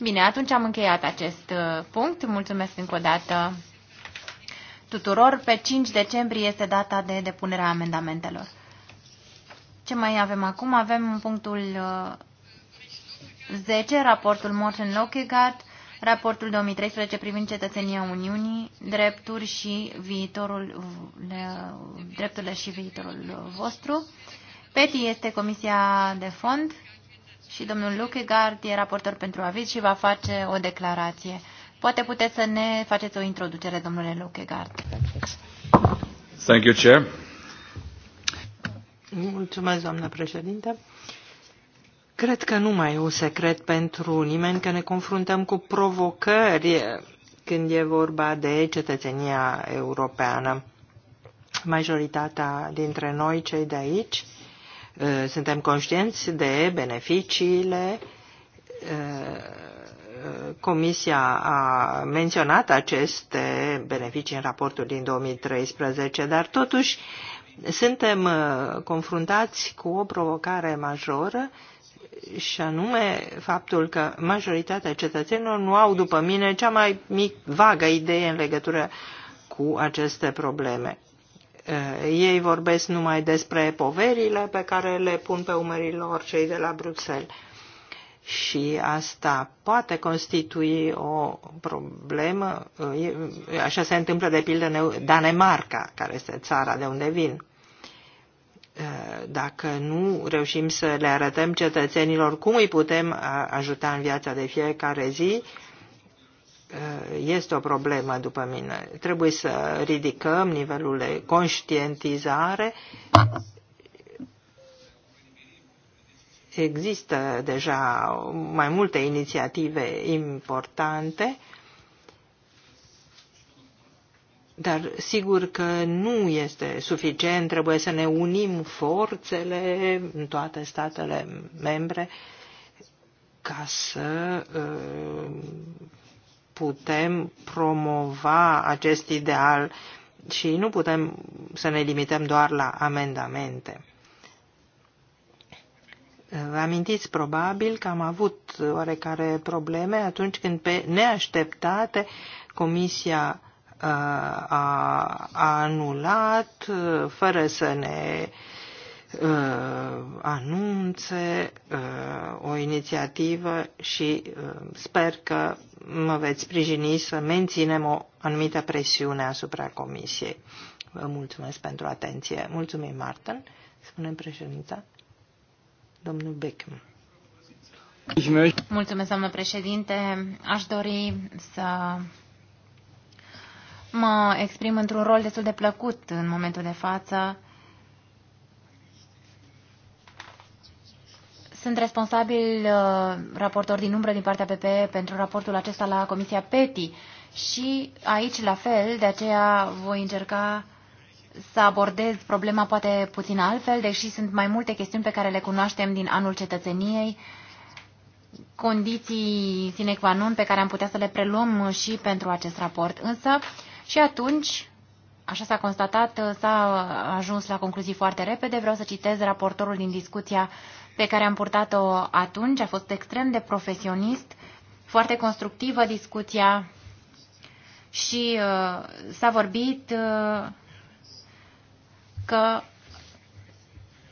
Bine, atunci am încheiat acest uh, punct. Mulțumesc încă o dată tuturor. Pe 5 decembrie este data de depunere a amendamentelor. Ce mai avem acum? Avem punctul 10, uh, raportul Morten Lokegaard, raportul 2013 privind cetățenia Uniunii, drepturi și viitorul, drepturile și viitorul vostru. PETI este comisia de fond și domnul Lukegaard e raportor pentru aviz și va face o declarație. Poate puteți să ne faceți o introducere, domnule Luchegard. Thank you, Chair. Mulțumesc, doamnă președinte. Cred că nu mai e un secret pentru nimeni că ne confruntăm cu provocări când e vorba de cetățenia europeană. Majoritatea dintre noi, cei de aici, suntem conștienți de beneficiile Comisia a menționat aceste beneficii în raportul din 2013, dar totuși suntem uh, confruntați cu o provocare majoră și anume faptul că majoritatea cetățenilor nu au, după mine, cea mai mic, vagă idee în legătură cu aceste probleme. Uh, ei vorbesc numai despre poverile pe care le pun pe umerii lor cei de la Bruxelles și asta poate constitui o problemă. Așa se întâmplă de pildă în Danemarca, care este țara de unde vin. Dacă nu reușim să le arătăm cetățenilor cum îi putem ajuta în viața de fiecare zi, este o problemă după mine. Trebuie să ridicăm nivelul de conștientizare există deja mai multe inițiative importante, dar sigur că nu este suficient, trebuie să ne unim forțele în toate statele membre ca să uh, putem promova acest ideal și nu putem să ne limităm doar la amendamente. Vă amintiți probabil că am avut oarecare probleme atunci când pe neașteptate Comisia uh, a, a anulat uh, fără să ne uh, anunțe o inițiativă și sper că mă veți sprijini să menținem o anumită presiune asupra Comisiei. Vă mulțumesc pentru atenție. Mulțumim, Martin, spune președinta. Mulțumesc, doamnă președinte. Aș dori să mă exprim într-un rol destul de plăcut în momentul de față. Sunt responsabil uh, raportor din umbră din partea PPE pentru raportul acesta la Comisia PETI și aici la fel, de aceea voi încerca să abordez problema poate puțin altfel, deși sunt mai multe chestiuni pe care le cunoaștem din anul cetățeniei, condiții sine qua non pe care am putea să le preluăm și pentru acest raport. Însă și atunci, așa s-a constatat, s-a ajuns la concluzii foarte repede. Vreau să citez raportorul din discuția pe care am purtat-o atunci. A fost extrem de profesionist, foarte constructivă discuția și uh, s-a vorbit uh, că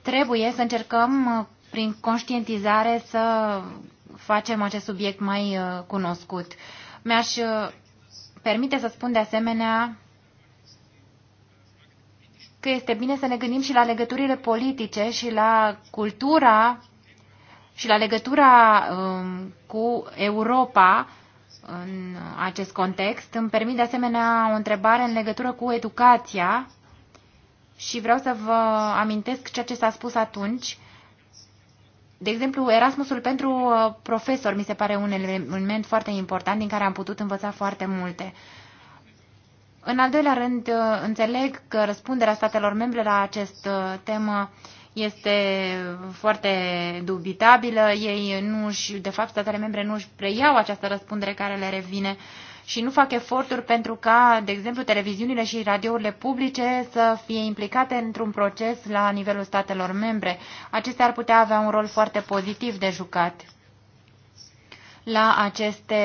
trebuie să încercăm prin conștientizare să facem acest subiect mai uh, cunoscut. Mi-aș uh, permite să spun de asemenea că este bine să ne gândim și la legăturile politice și la cultura și la legătura um, cu Europa în acest context. Îmi permit de asemenea o întrebare în legătură cu educația și vreau să vă amintesc ceea ce s-a spus atunci. De exemplu, Erasmusul pentru uh, profesor mi se pare un element foarte important din care am putut învăța foarte multe. În al doilea rând, uh, înțeleg că răspunderea statelor membre la acest uh, temă este foarte dubitabilă. Ei nu și de fapt, statele membre nu își preiau această răspundere care le revine uh, și nu fac eforturi pentru ca, de exemplu, televiziunile și radiourile publice să fie implicate într-un proces la nivelul statelor membre. Acestea ar putea avea un rol foarte pozitiv de jucat la aceste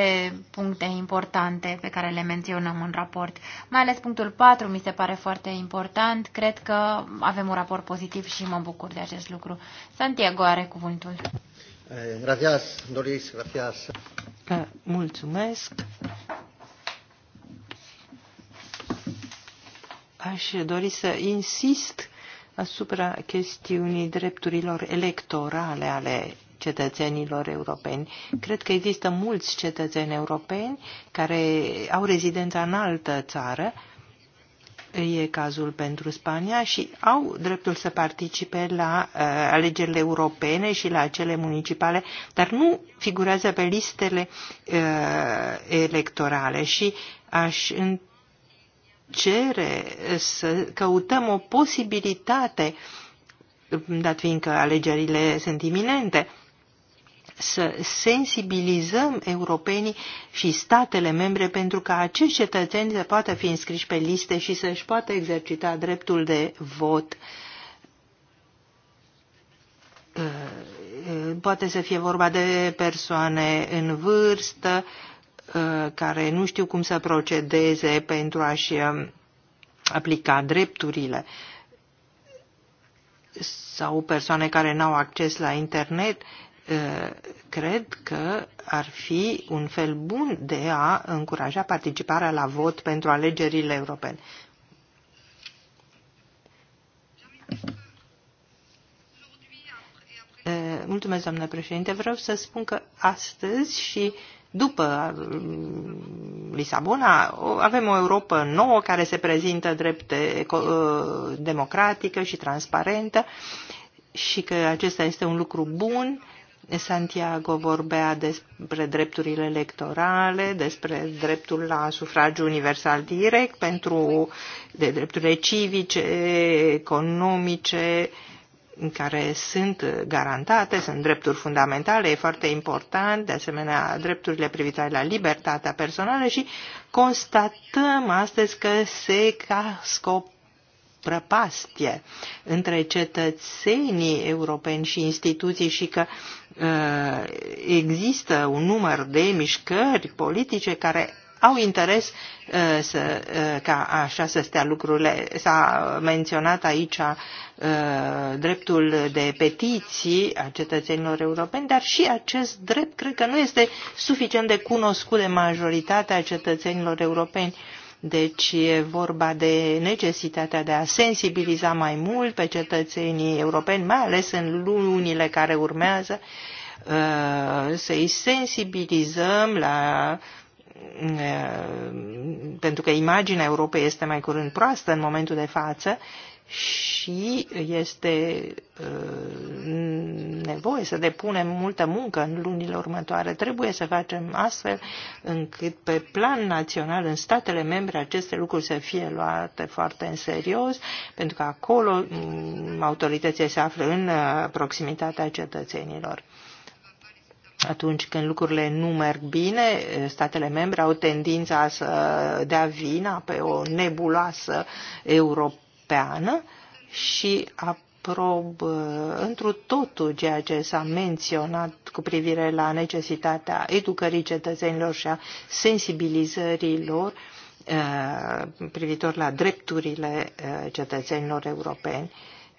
puncte importante pe care le menționăm în raport. Mai ales punctul 4 mi se pare foarte important. Cred că avem un raport pozitiv și mă bucur de acest lucru. Santiago are cuvântul. Eh, gracias, Doris, gracias. Eh, mulțumesc. aș dori să insist asupra chestiunii drepturilor electorale ale cetățenilor europeni. Cred că există mulți cetățeni europeni care au rezidența în altă țară, e cazul pentru Spania, și au dreptul să participe la uh, alegerile europene și la cele municipale, dar nu figurează pe listele uh, electorale și aș întreba cere să căutăm o posibilitate, dat fiindcă alegerile sunt iminente, să sensibilizăm europenii și statele membre pentru ca acești cetățeni să poată fi înscriși pe liste și să-și poată exercita dreptul de vot. Uh, uh, poate să fie vorba de persoane în vârstă, Uh, care nu știu cum să procedeze pentru a-și uh, aplica drepturile sau persoane care n-au acces la internet, uh, cred că ar fi un fel bun de a încuraja participarea la vot pentru alegerile europene. Mulțumesc, doamnă președinte. Vreau să spun că astăzi și uh, după uh, Lisabona avem o Europa nouă care se prezintă drept uh, democratică și transparentă și că acesta este un lucru bun. Santiago vorbea despre drepturile electorale, despre dreptul la sufragiu universal direct, pentru de drepturile civice, economice, uh, care sunt garantate, sunt drepturi fundamentale, e foarte important, de asemenea drepturile privitoare la libertatea personală și constatăm astăzi că se cască prăpastie între cetățenii europeni și instituții și că uh, există un număr de mișcări politice care au interes uh, să, uh, ca așa să stea lucrurile. S-a menționat aici uh, dreptul de petiții a cetățenilor europeni, dar și acest drept cred că nu este suficient de cunoscut de majoritatea cetățenilor europeni. Deci e vorba de necesitatea de a sensibiliza mai mult pe cetățenii europeni, mai ales în lunile care urmează, să-i sensibilizăm la pentru că imaginea Europei este mai curând proastă în momentul de față și este uh, nevoie să depunem multă muncă în lunile următoare. Trebuie să facem astfel încât pe plan național în statele membre aceste lucruri să fie luate foarte în serios, pentru că acolo um, autoritățile se află în uh, proximitatea cetățenilor atunci când lucrurile nu merg bine, statele membre au tendința să dea vina pe o nebuloasă europeană și aprob uh, întru totul ceea ce s-a menționat cu privire la necesitatea educării cetățenilor și a sensibilizării lor uh, privitor la drepturile uh, cetățenilor europeni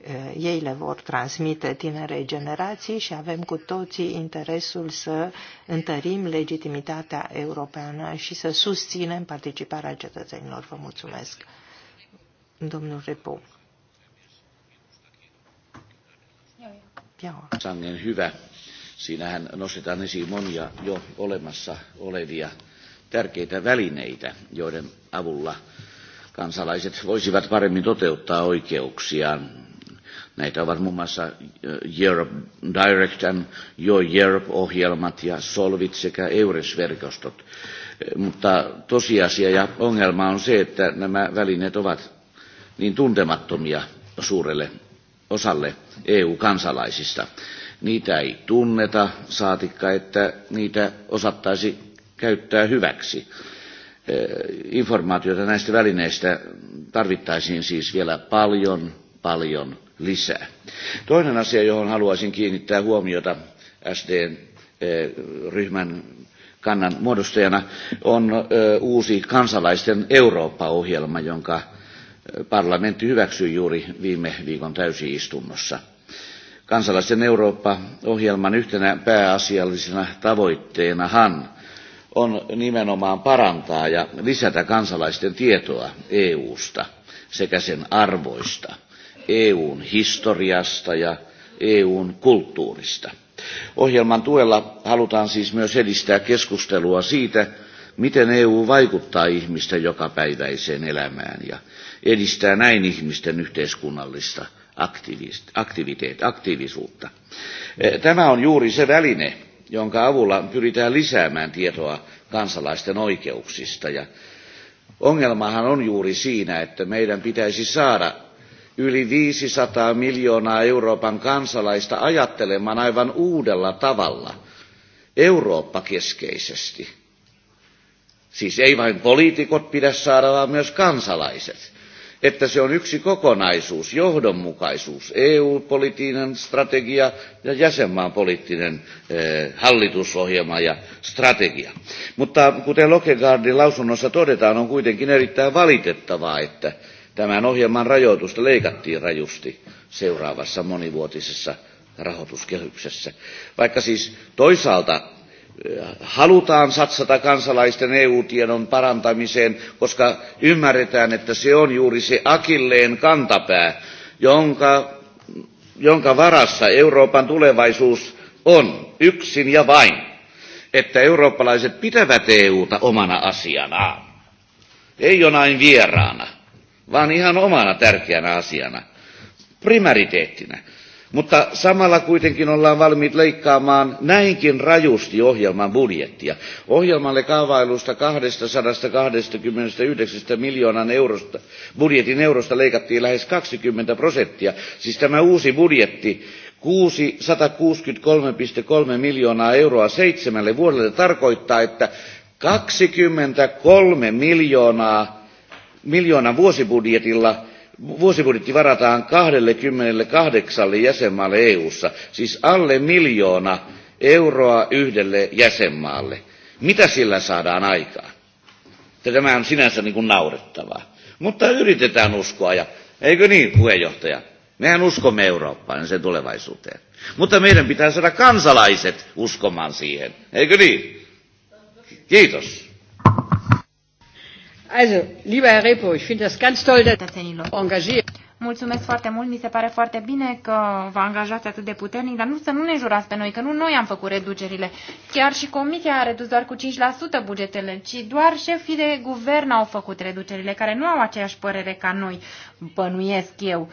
Eh, ei le vor transmite tinerei generații și avem cu toții interesul să întărim legitimitatea europeană și să susținem participarea cetățenilor. Vă mulțumesc. Domnul Repu. Sangen hyvä. Siinähän nostetaan esiin monia jo olemassa olevia tärkeitä välineitä, joiden avulla kansalaiset voisivat paremmin toteuttaa oikeuksiaan Muassa, eh, Europe Directan, Your Europe-ohjelmat ja Solvit sekä EURES-verkostot. Eh, mutta tosiasia ja ongelma on se, että nämä välineet ovat niin tuntemattomia suurelle osalle EU-kansalaisista. Niitä ei tunneta, saatikka, että niitä osattaisi käyttää hyväksi eh, informaatiota näistä välineistä tarvittaisiin siis vielä paljon, paljon lisää. Toinen asia, johon haluaisin kiinnittää huomiota SD-ryhmän eh, kannan muodostajana, on eh, uusi kansalaisten Eurooppa-ohjelma, jonka eh, parlamentti hyväksyi juuri viime viikon täysiistunnossa. Kansalaisten Eurooppa-ohjelman yhtenä pääasiallisena tavoitteenahan on nimenomaan parantaa ja lisätä kansalaisten tietoa EU-sta sekä sen arvoista – EUn historiasta ja EUn kulttuurista. Ohjelman tuella halutaan siis myös edistää keskustelua siitä, miten EU vaikuttaa ihmisten jokapäiväiseen elämään ja edistää näin ihmisten yhteiskunnallista aktiviteet, aktiivisuutta. Tämä on juuri se väline, jonka avulla pyritään lisäämään tietoa kansalaisten oikeuksista. Ja ongelmahan on juuri siinä, että meidän pitäisi saada yli 500 miljoonaa Euroopan kansalaista ajattelemaan aivan uudella tavalla, Eurooppa-keskeisesti. Siis ei vain poliitikot pidä saada, vaan myös kansalaiset. Että se on yksi kokonaisuus, johdonmukaisuus, EU-poliittinen strategia ja jäsenmaan poliittinen eh, hallitusohjelma ja strategia. Mutta kuten Lokegaardin lausunnossa todetaan, on kuitenkin erittäin valitettavaa, että eh, Tämän ohjelman rajoitusta leikattiin rajusti seuraavassa monivuotisessa rahoituskehyksessä. Vaikka siis toisaalta eh, halutaan satsata kansalaisten EU-tiedon parantamiseen, koska ymmärretään, että se on juuri se akilleen kantapää, jonka, jonka varassa Euroopan tulevaisuus on yksin ja vain, että eurooppalaiset pitävät EUta omana asianaan, ei jonain vieraana vaan ihan omana tärkeänä asiana, primariteettina. Mutta samalla kuitenkin ollaan valmiit leikkaamaan näinkin rajusti ohjelman budjettia. Ohjelmalle kaavailusta 229 miljoonan eurosta, budjetin eurosta leikattiin lähes 20 prosenttia. Siis tämä uusi budjetti 663,3 miljoonaa euroa seitsemälle vuodelle tarkoittaa, että 23 miljoonaa miljoonan vuosibudjetilla vuosibudjetti varataan 28 jäsenmaalle EU:ssa, siis alle miljoona euroa yhdelle jäsenmaalle. Mitä sillä saadaan aikaan? Tämä on sinänsä niin kuin naurettavaa. Mutta yritetään uskoa ja eikö niin, puheenjohtaja? Mehän uskomme Eurooppaan ja sen tulevaisuuteen. Mutta meidän pitää saada kansalaiset uskomaan siihen, eikö niin? Kiitos. Also, lieber Herr Repo, ich finde das ganz toll, dass engagiert. Mulțumesc foarte mult, mi se pare foarte bine că vă angajați atât de puternic, dar nu să nu ne jurați pe noi, că nu noi am făcut reducerile. Chiar și Comisia a redus doar cu 5% bugetele, ci doar șefii de guvern au făcut reducerile, care nu au aceeași părere ca noi, bănuiesc eu.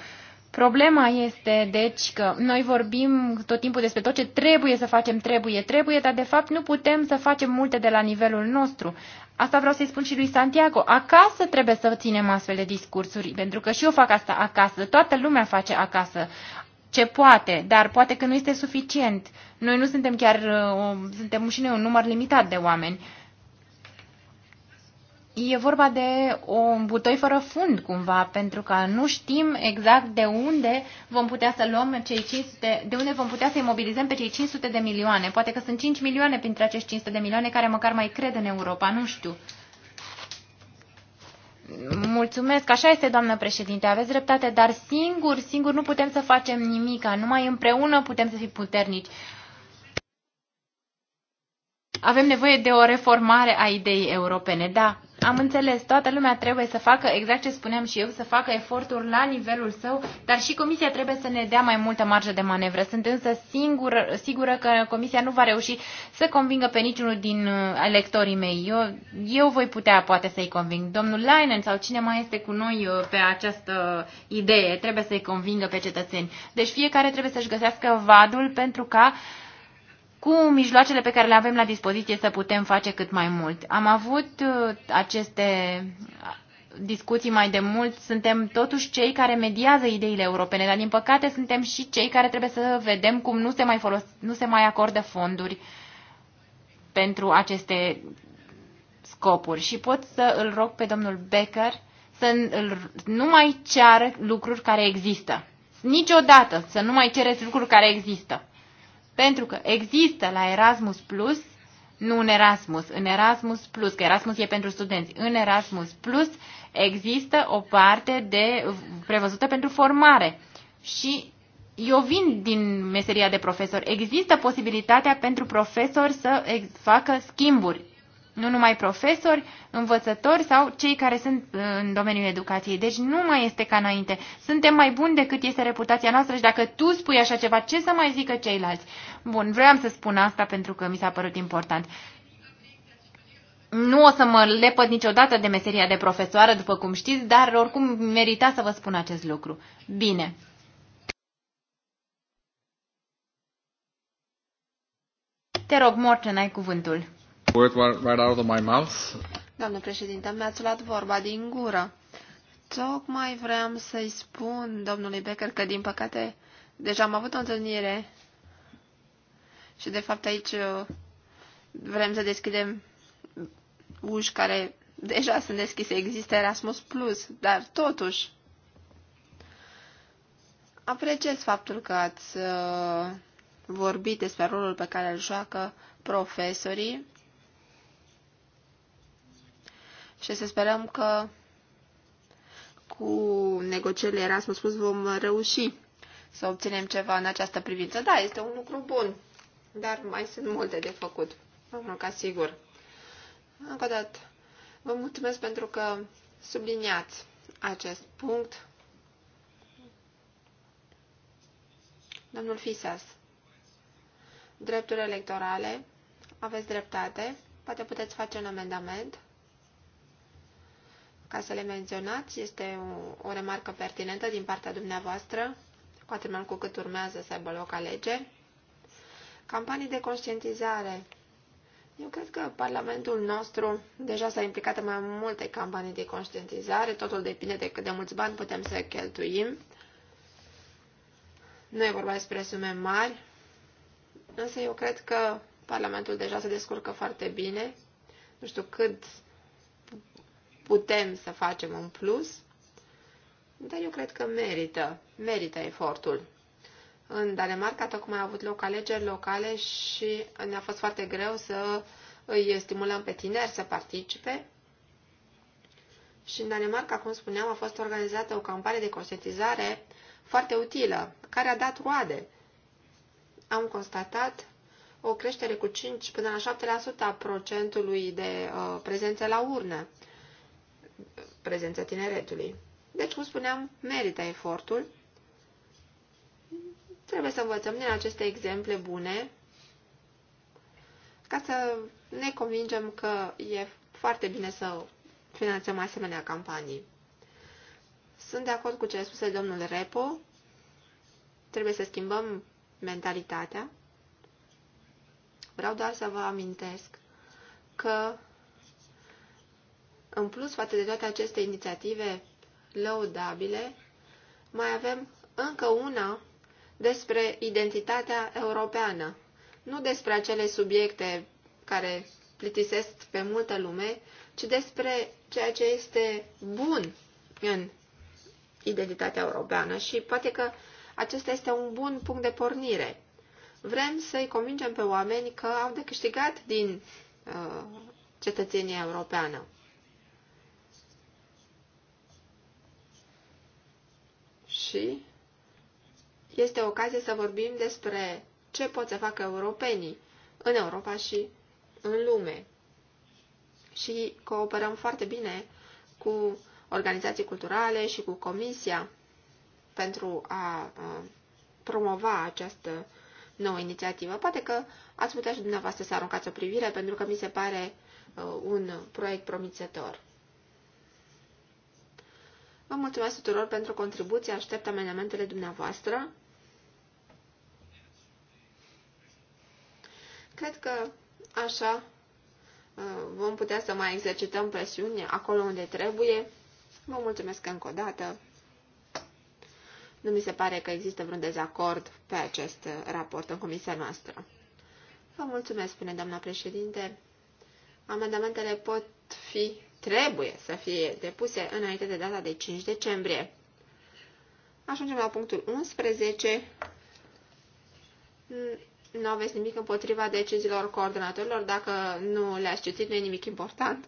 Problema este, deci, că noi vorbim tot timpul despre tot ce trebuie să facem, trebuie, trebuie, dar de fapt nu putem să facem multe de la nivelul nostru. Asta vreau să-i spun și lui Santiago. Acasă trebuie să ținem astfel de discursuri, pentru că și eu fac asta acasă. Toată lumea face acasă ce poate, dar poate că nu este suficient. Noi nu suntem chiar, uh, suntem și noi un număr limitat de oameni. E vorba de un butoi fără fund, cumva, pentru că nu știm exact de unde vom putea să luăm cei 500, de unde vom putea să imobilizăm pe cei 500 de milioane. Poate că sunt 5 milioane printre acești 500 de milioane care măcar mai cred în Europa, nu știu. Mulțumesc, așa este, doamnă președinte, aveți dreptate, dar singur, singur nu putem să facem nimic, numai împreună putem să fim puternici. Avem nevoie de o reformare a ideii europene, da, am înțeles, toată lumea trebuie să facă, exact ce spuneam și eu, să facă eforturi la nivelul său, dar și Comisia trebuie să ne dea mai multă marjă de manevră. Sunt însă singură, sigură că Comisia nu va reuși să convingă pe niciunul din uh, electorii mei. Eu, eu voi putea poate să-i conving. Domnul Leinen sau cine mai este cu noi uh, pe această idee trebuie să-i convingă pe cetățeni. Deci fiecare trebuie să-și găsească vadul pentru ca uh, cu mijloacele pe care le avem la dispoziție să putem face cât mai mult. Am avut uh, aceste discuții mai de mult, suntem totuși cei care mediază ideile europene, dar din păcate suntem și cei care trebuie să vedem cum nu se mai, folos, nu se mai acordă fonduri pentru aceste scopuri. Și pot să îl rog pe domnul Becker să nu mai ceară lucruri care există. Niciodată să nu mai cereți lucruri care există. Pentru că există la Erasmus Plus, nu în Erasmus, în Erasmus Plus, că Erasmus e pentru studenți, în Erasmus Plus există o parte de prevăzută pentru formare. Și eu vin din meseria de profesor. Există posibilitatea pentru profesori să facă schimburi nu numai profesori, învățători sau cei care sunt uh, în domeniul educației. Deci nu mai este ca înainte. Suntem mai buni decât este reputația noastră și dacă tu spui așa ceva, ce să mai zică ceilalți? Bun, vreau să spun asta pentru că mi s-a părut important. Nu o să mă lepăd niciodată de meseria de profesoară, după cum știți, dar oricum merita să vă spun acest lucru. Bine, Te rog, Morten, ai cuvântul. Word right out of my mouth. Doamnă președinte, mi-ați luat vorba din gură. Tocmai vreau să-i spun domnului Becker că, din păcate, deja am avut o întâlnire și, de fapt, aici uh, vrem să deschidem uși care deja sunt deschise. Există Erasmus Plus, dar totuși apreciez faptul că ați uh, vorbit despre rolul pe care îl joacă profesorii și să sperăm că cu negocierile Erasmus Plus vom reuși să obținem ceva în această privință. Da, este un lucru bun, dar mai sunt multe de făcut. Nu ca sigur. Încă o dată, vă mulțumesc pentru că subliniați acest punct. Domnul Fisas, drepturi electorale, aveți dreptate, poate puteți face un amendament ca să le menționați. Este o, o remarcă pertinentă din partea dumneavoastră, cu atât mai cu cât urmează să aibă loc alegeri. Campanii de conștientizare. Eu cred că Parlamentul nostru deja s-a implicat în mai multe campanii de conștientizare. Totul depinde de cât de mulți bani putem să cheltuim. Nu e vorba despre sume mari, însă eu cred că Parlamentul deja se descurcă foarte bine. Nu știu cât putem să facem în plus, dar eu cred că merită, merită efortul. În Danemarca tocmai au avut loc alegeri locale și ne-a fost foarte greu să îi stimulăm pe tineri să participe. Și în Danemarca, cum spuneam, a fost organizată o campanie de conștientizare foarte utilă, care a dat roade. Am constatat o creștere cu 5 până la 7% a procentului de uh, prezență la urne prezența tineretului. Deci, cum spuneam, merită efortul. Trebuie să învățăm din aceste exemple bune ca să ne convingem că e foarte bine să finanțăm asemenea campanii. Sunt de acord cu ce a spus domnul Repo. Trebuie să schimbăm mentalitatea. Vreau doar să vă amintesc că în plus, față de toate aceste inițiative lăudabile, mai avem încă una despre identitatea europeană, nu despre acele subiecte care plictisesc pe multă lume, ci despre ceea ce este bun în identitatea europeană și poate că acesta este un bun punct de pornire. Vrem să-i convingem pe oameni că au de câștigat din uh, cetățenia europeană. și este ocazie să vorbim despre ce pot să facă europenii în Europa și în lume. Și cooperăm foarte bine cu organizații culturale și cu Comisia pentru a promova această nouă inițiativă. Poate că ați putea și dumneavoastră să aruncați o privire, pentru că mi se pare uh, un proiect promițător. Vă mulțumesc tuturor pentru contribuție, aștept amendamentele dumneavoastră. Cred că așa uh, vom putea să mai exercităm presiune acolo unde trebuie. Vă mulțumesc încă o dată. Nu mi se pare că există vreun dezacord pe acest uh, raport în comisia noastră. Vă mulțumesc, spune doamna președinte. Amendamentele pot fi trebuie să fie depuse înainte de data de 5 decembrie. Ajungem la punctul 11. Nu aveți nimic împotriva deciziilor coordonatorilor. Dacă nu le-ați citit, nu e nimic important.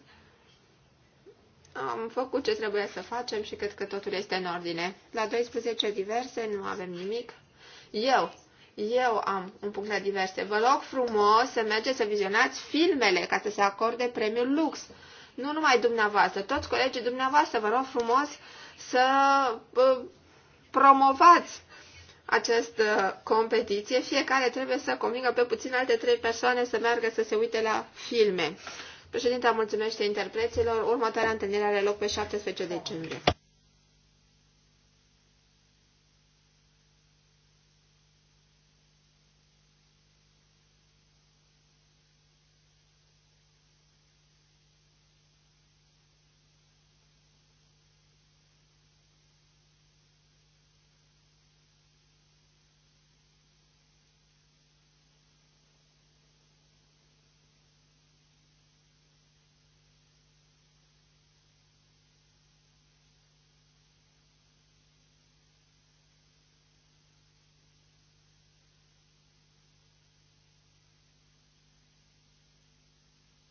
Am făcut ce trebuie să facem și cred că totul este în ordine. La 12 diverse nu avem nimic. Eu, eu am un punct la diverse. Vă rog frumos să mergeți să vizionați filmele ca să se acorde premiul Lux. Nu numai dumneavoastră, toți colegii dumneavoastră, vă rog frumos să promovați această competiție. Fiecare trebuie să convingă pe puțin alte trei persoane să meargă să se uite la filme. Președinta mulțumește interpreților. Următoarea întâlnire are loc pe 17 decembrie.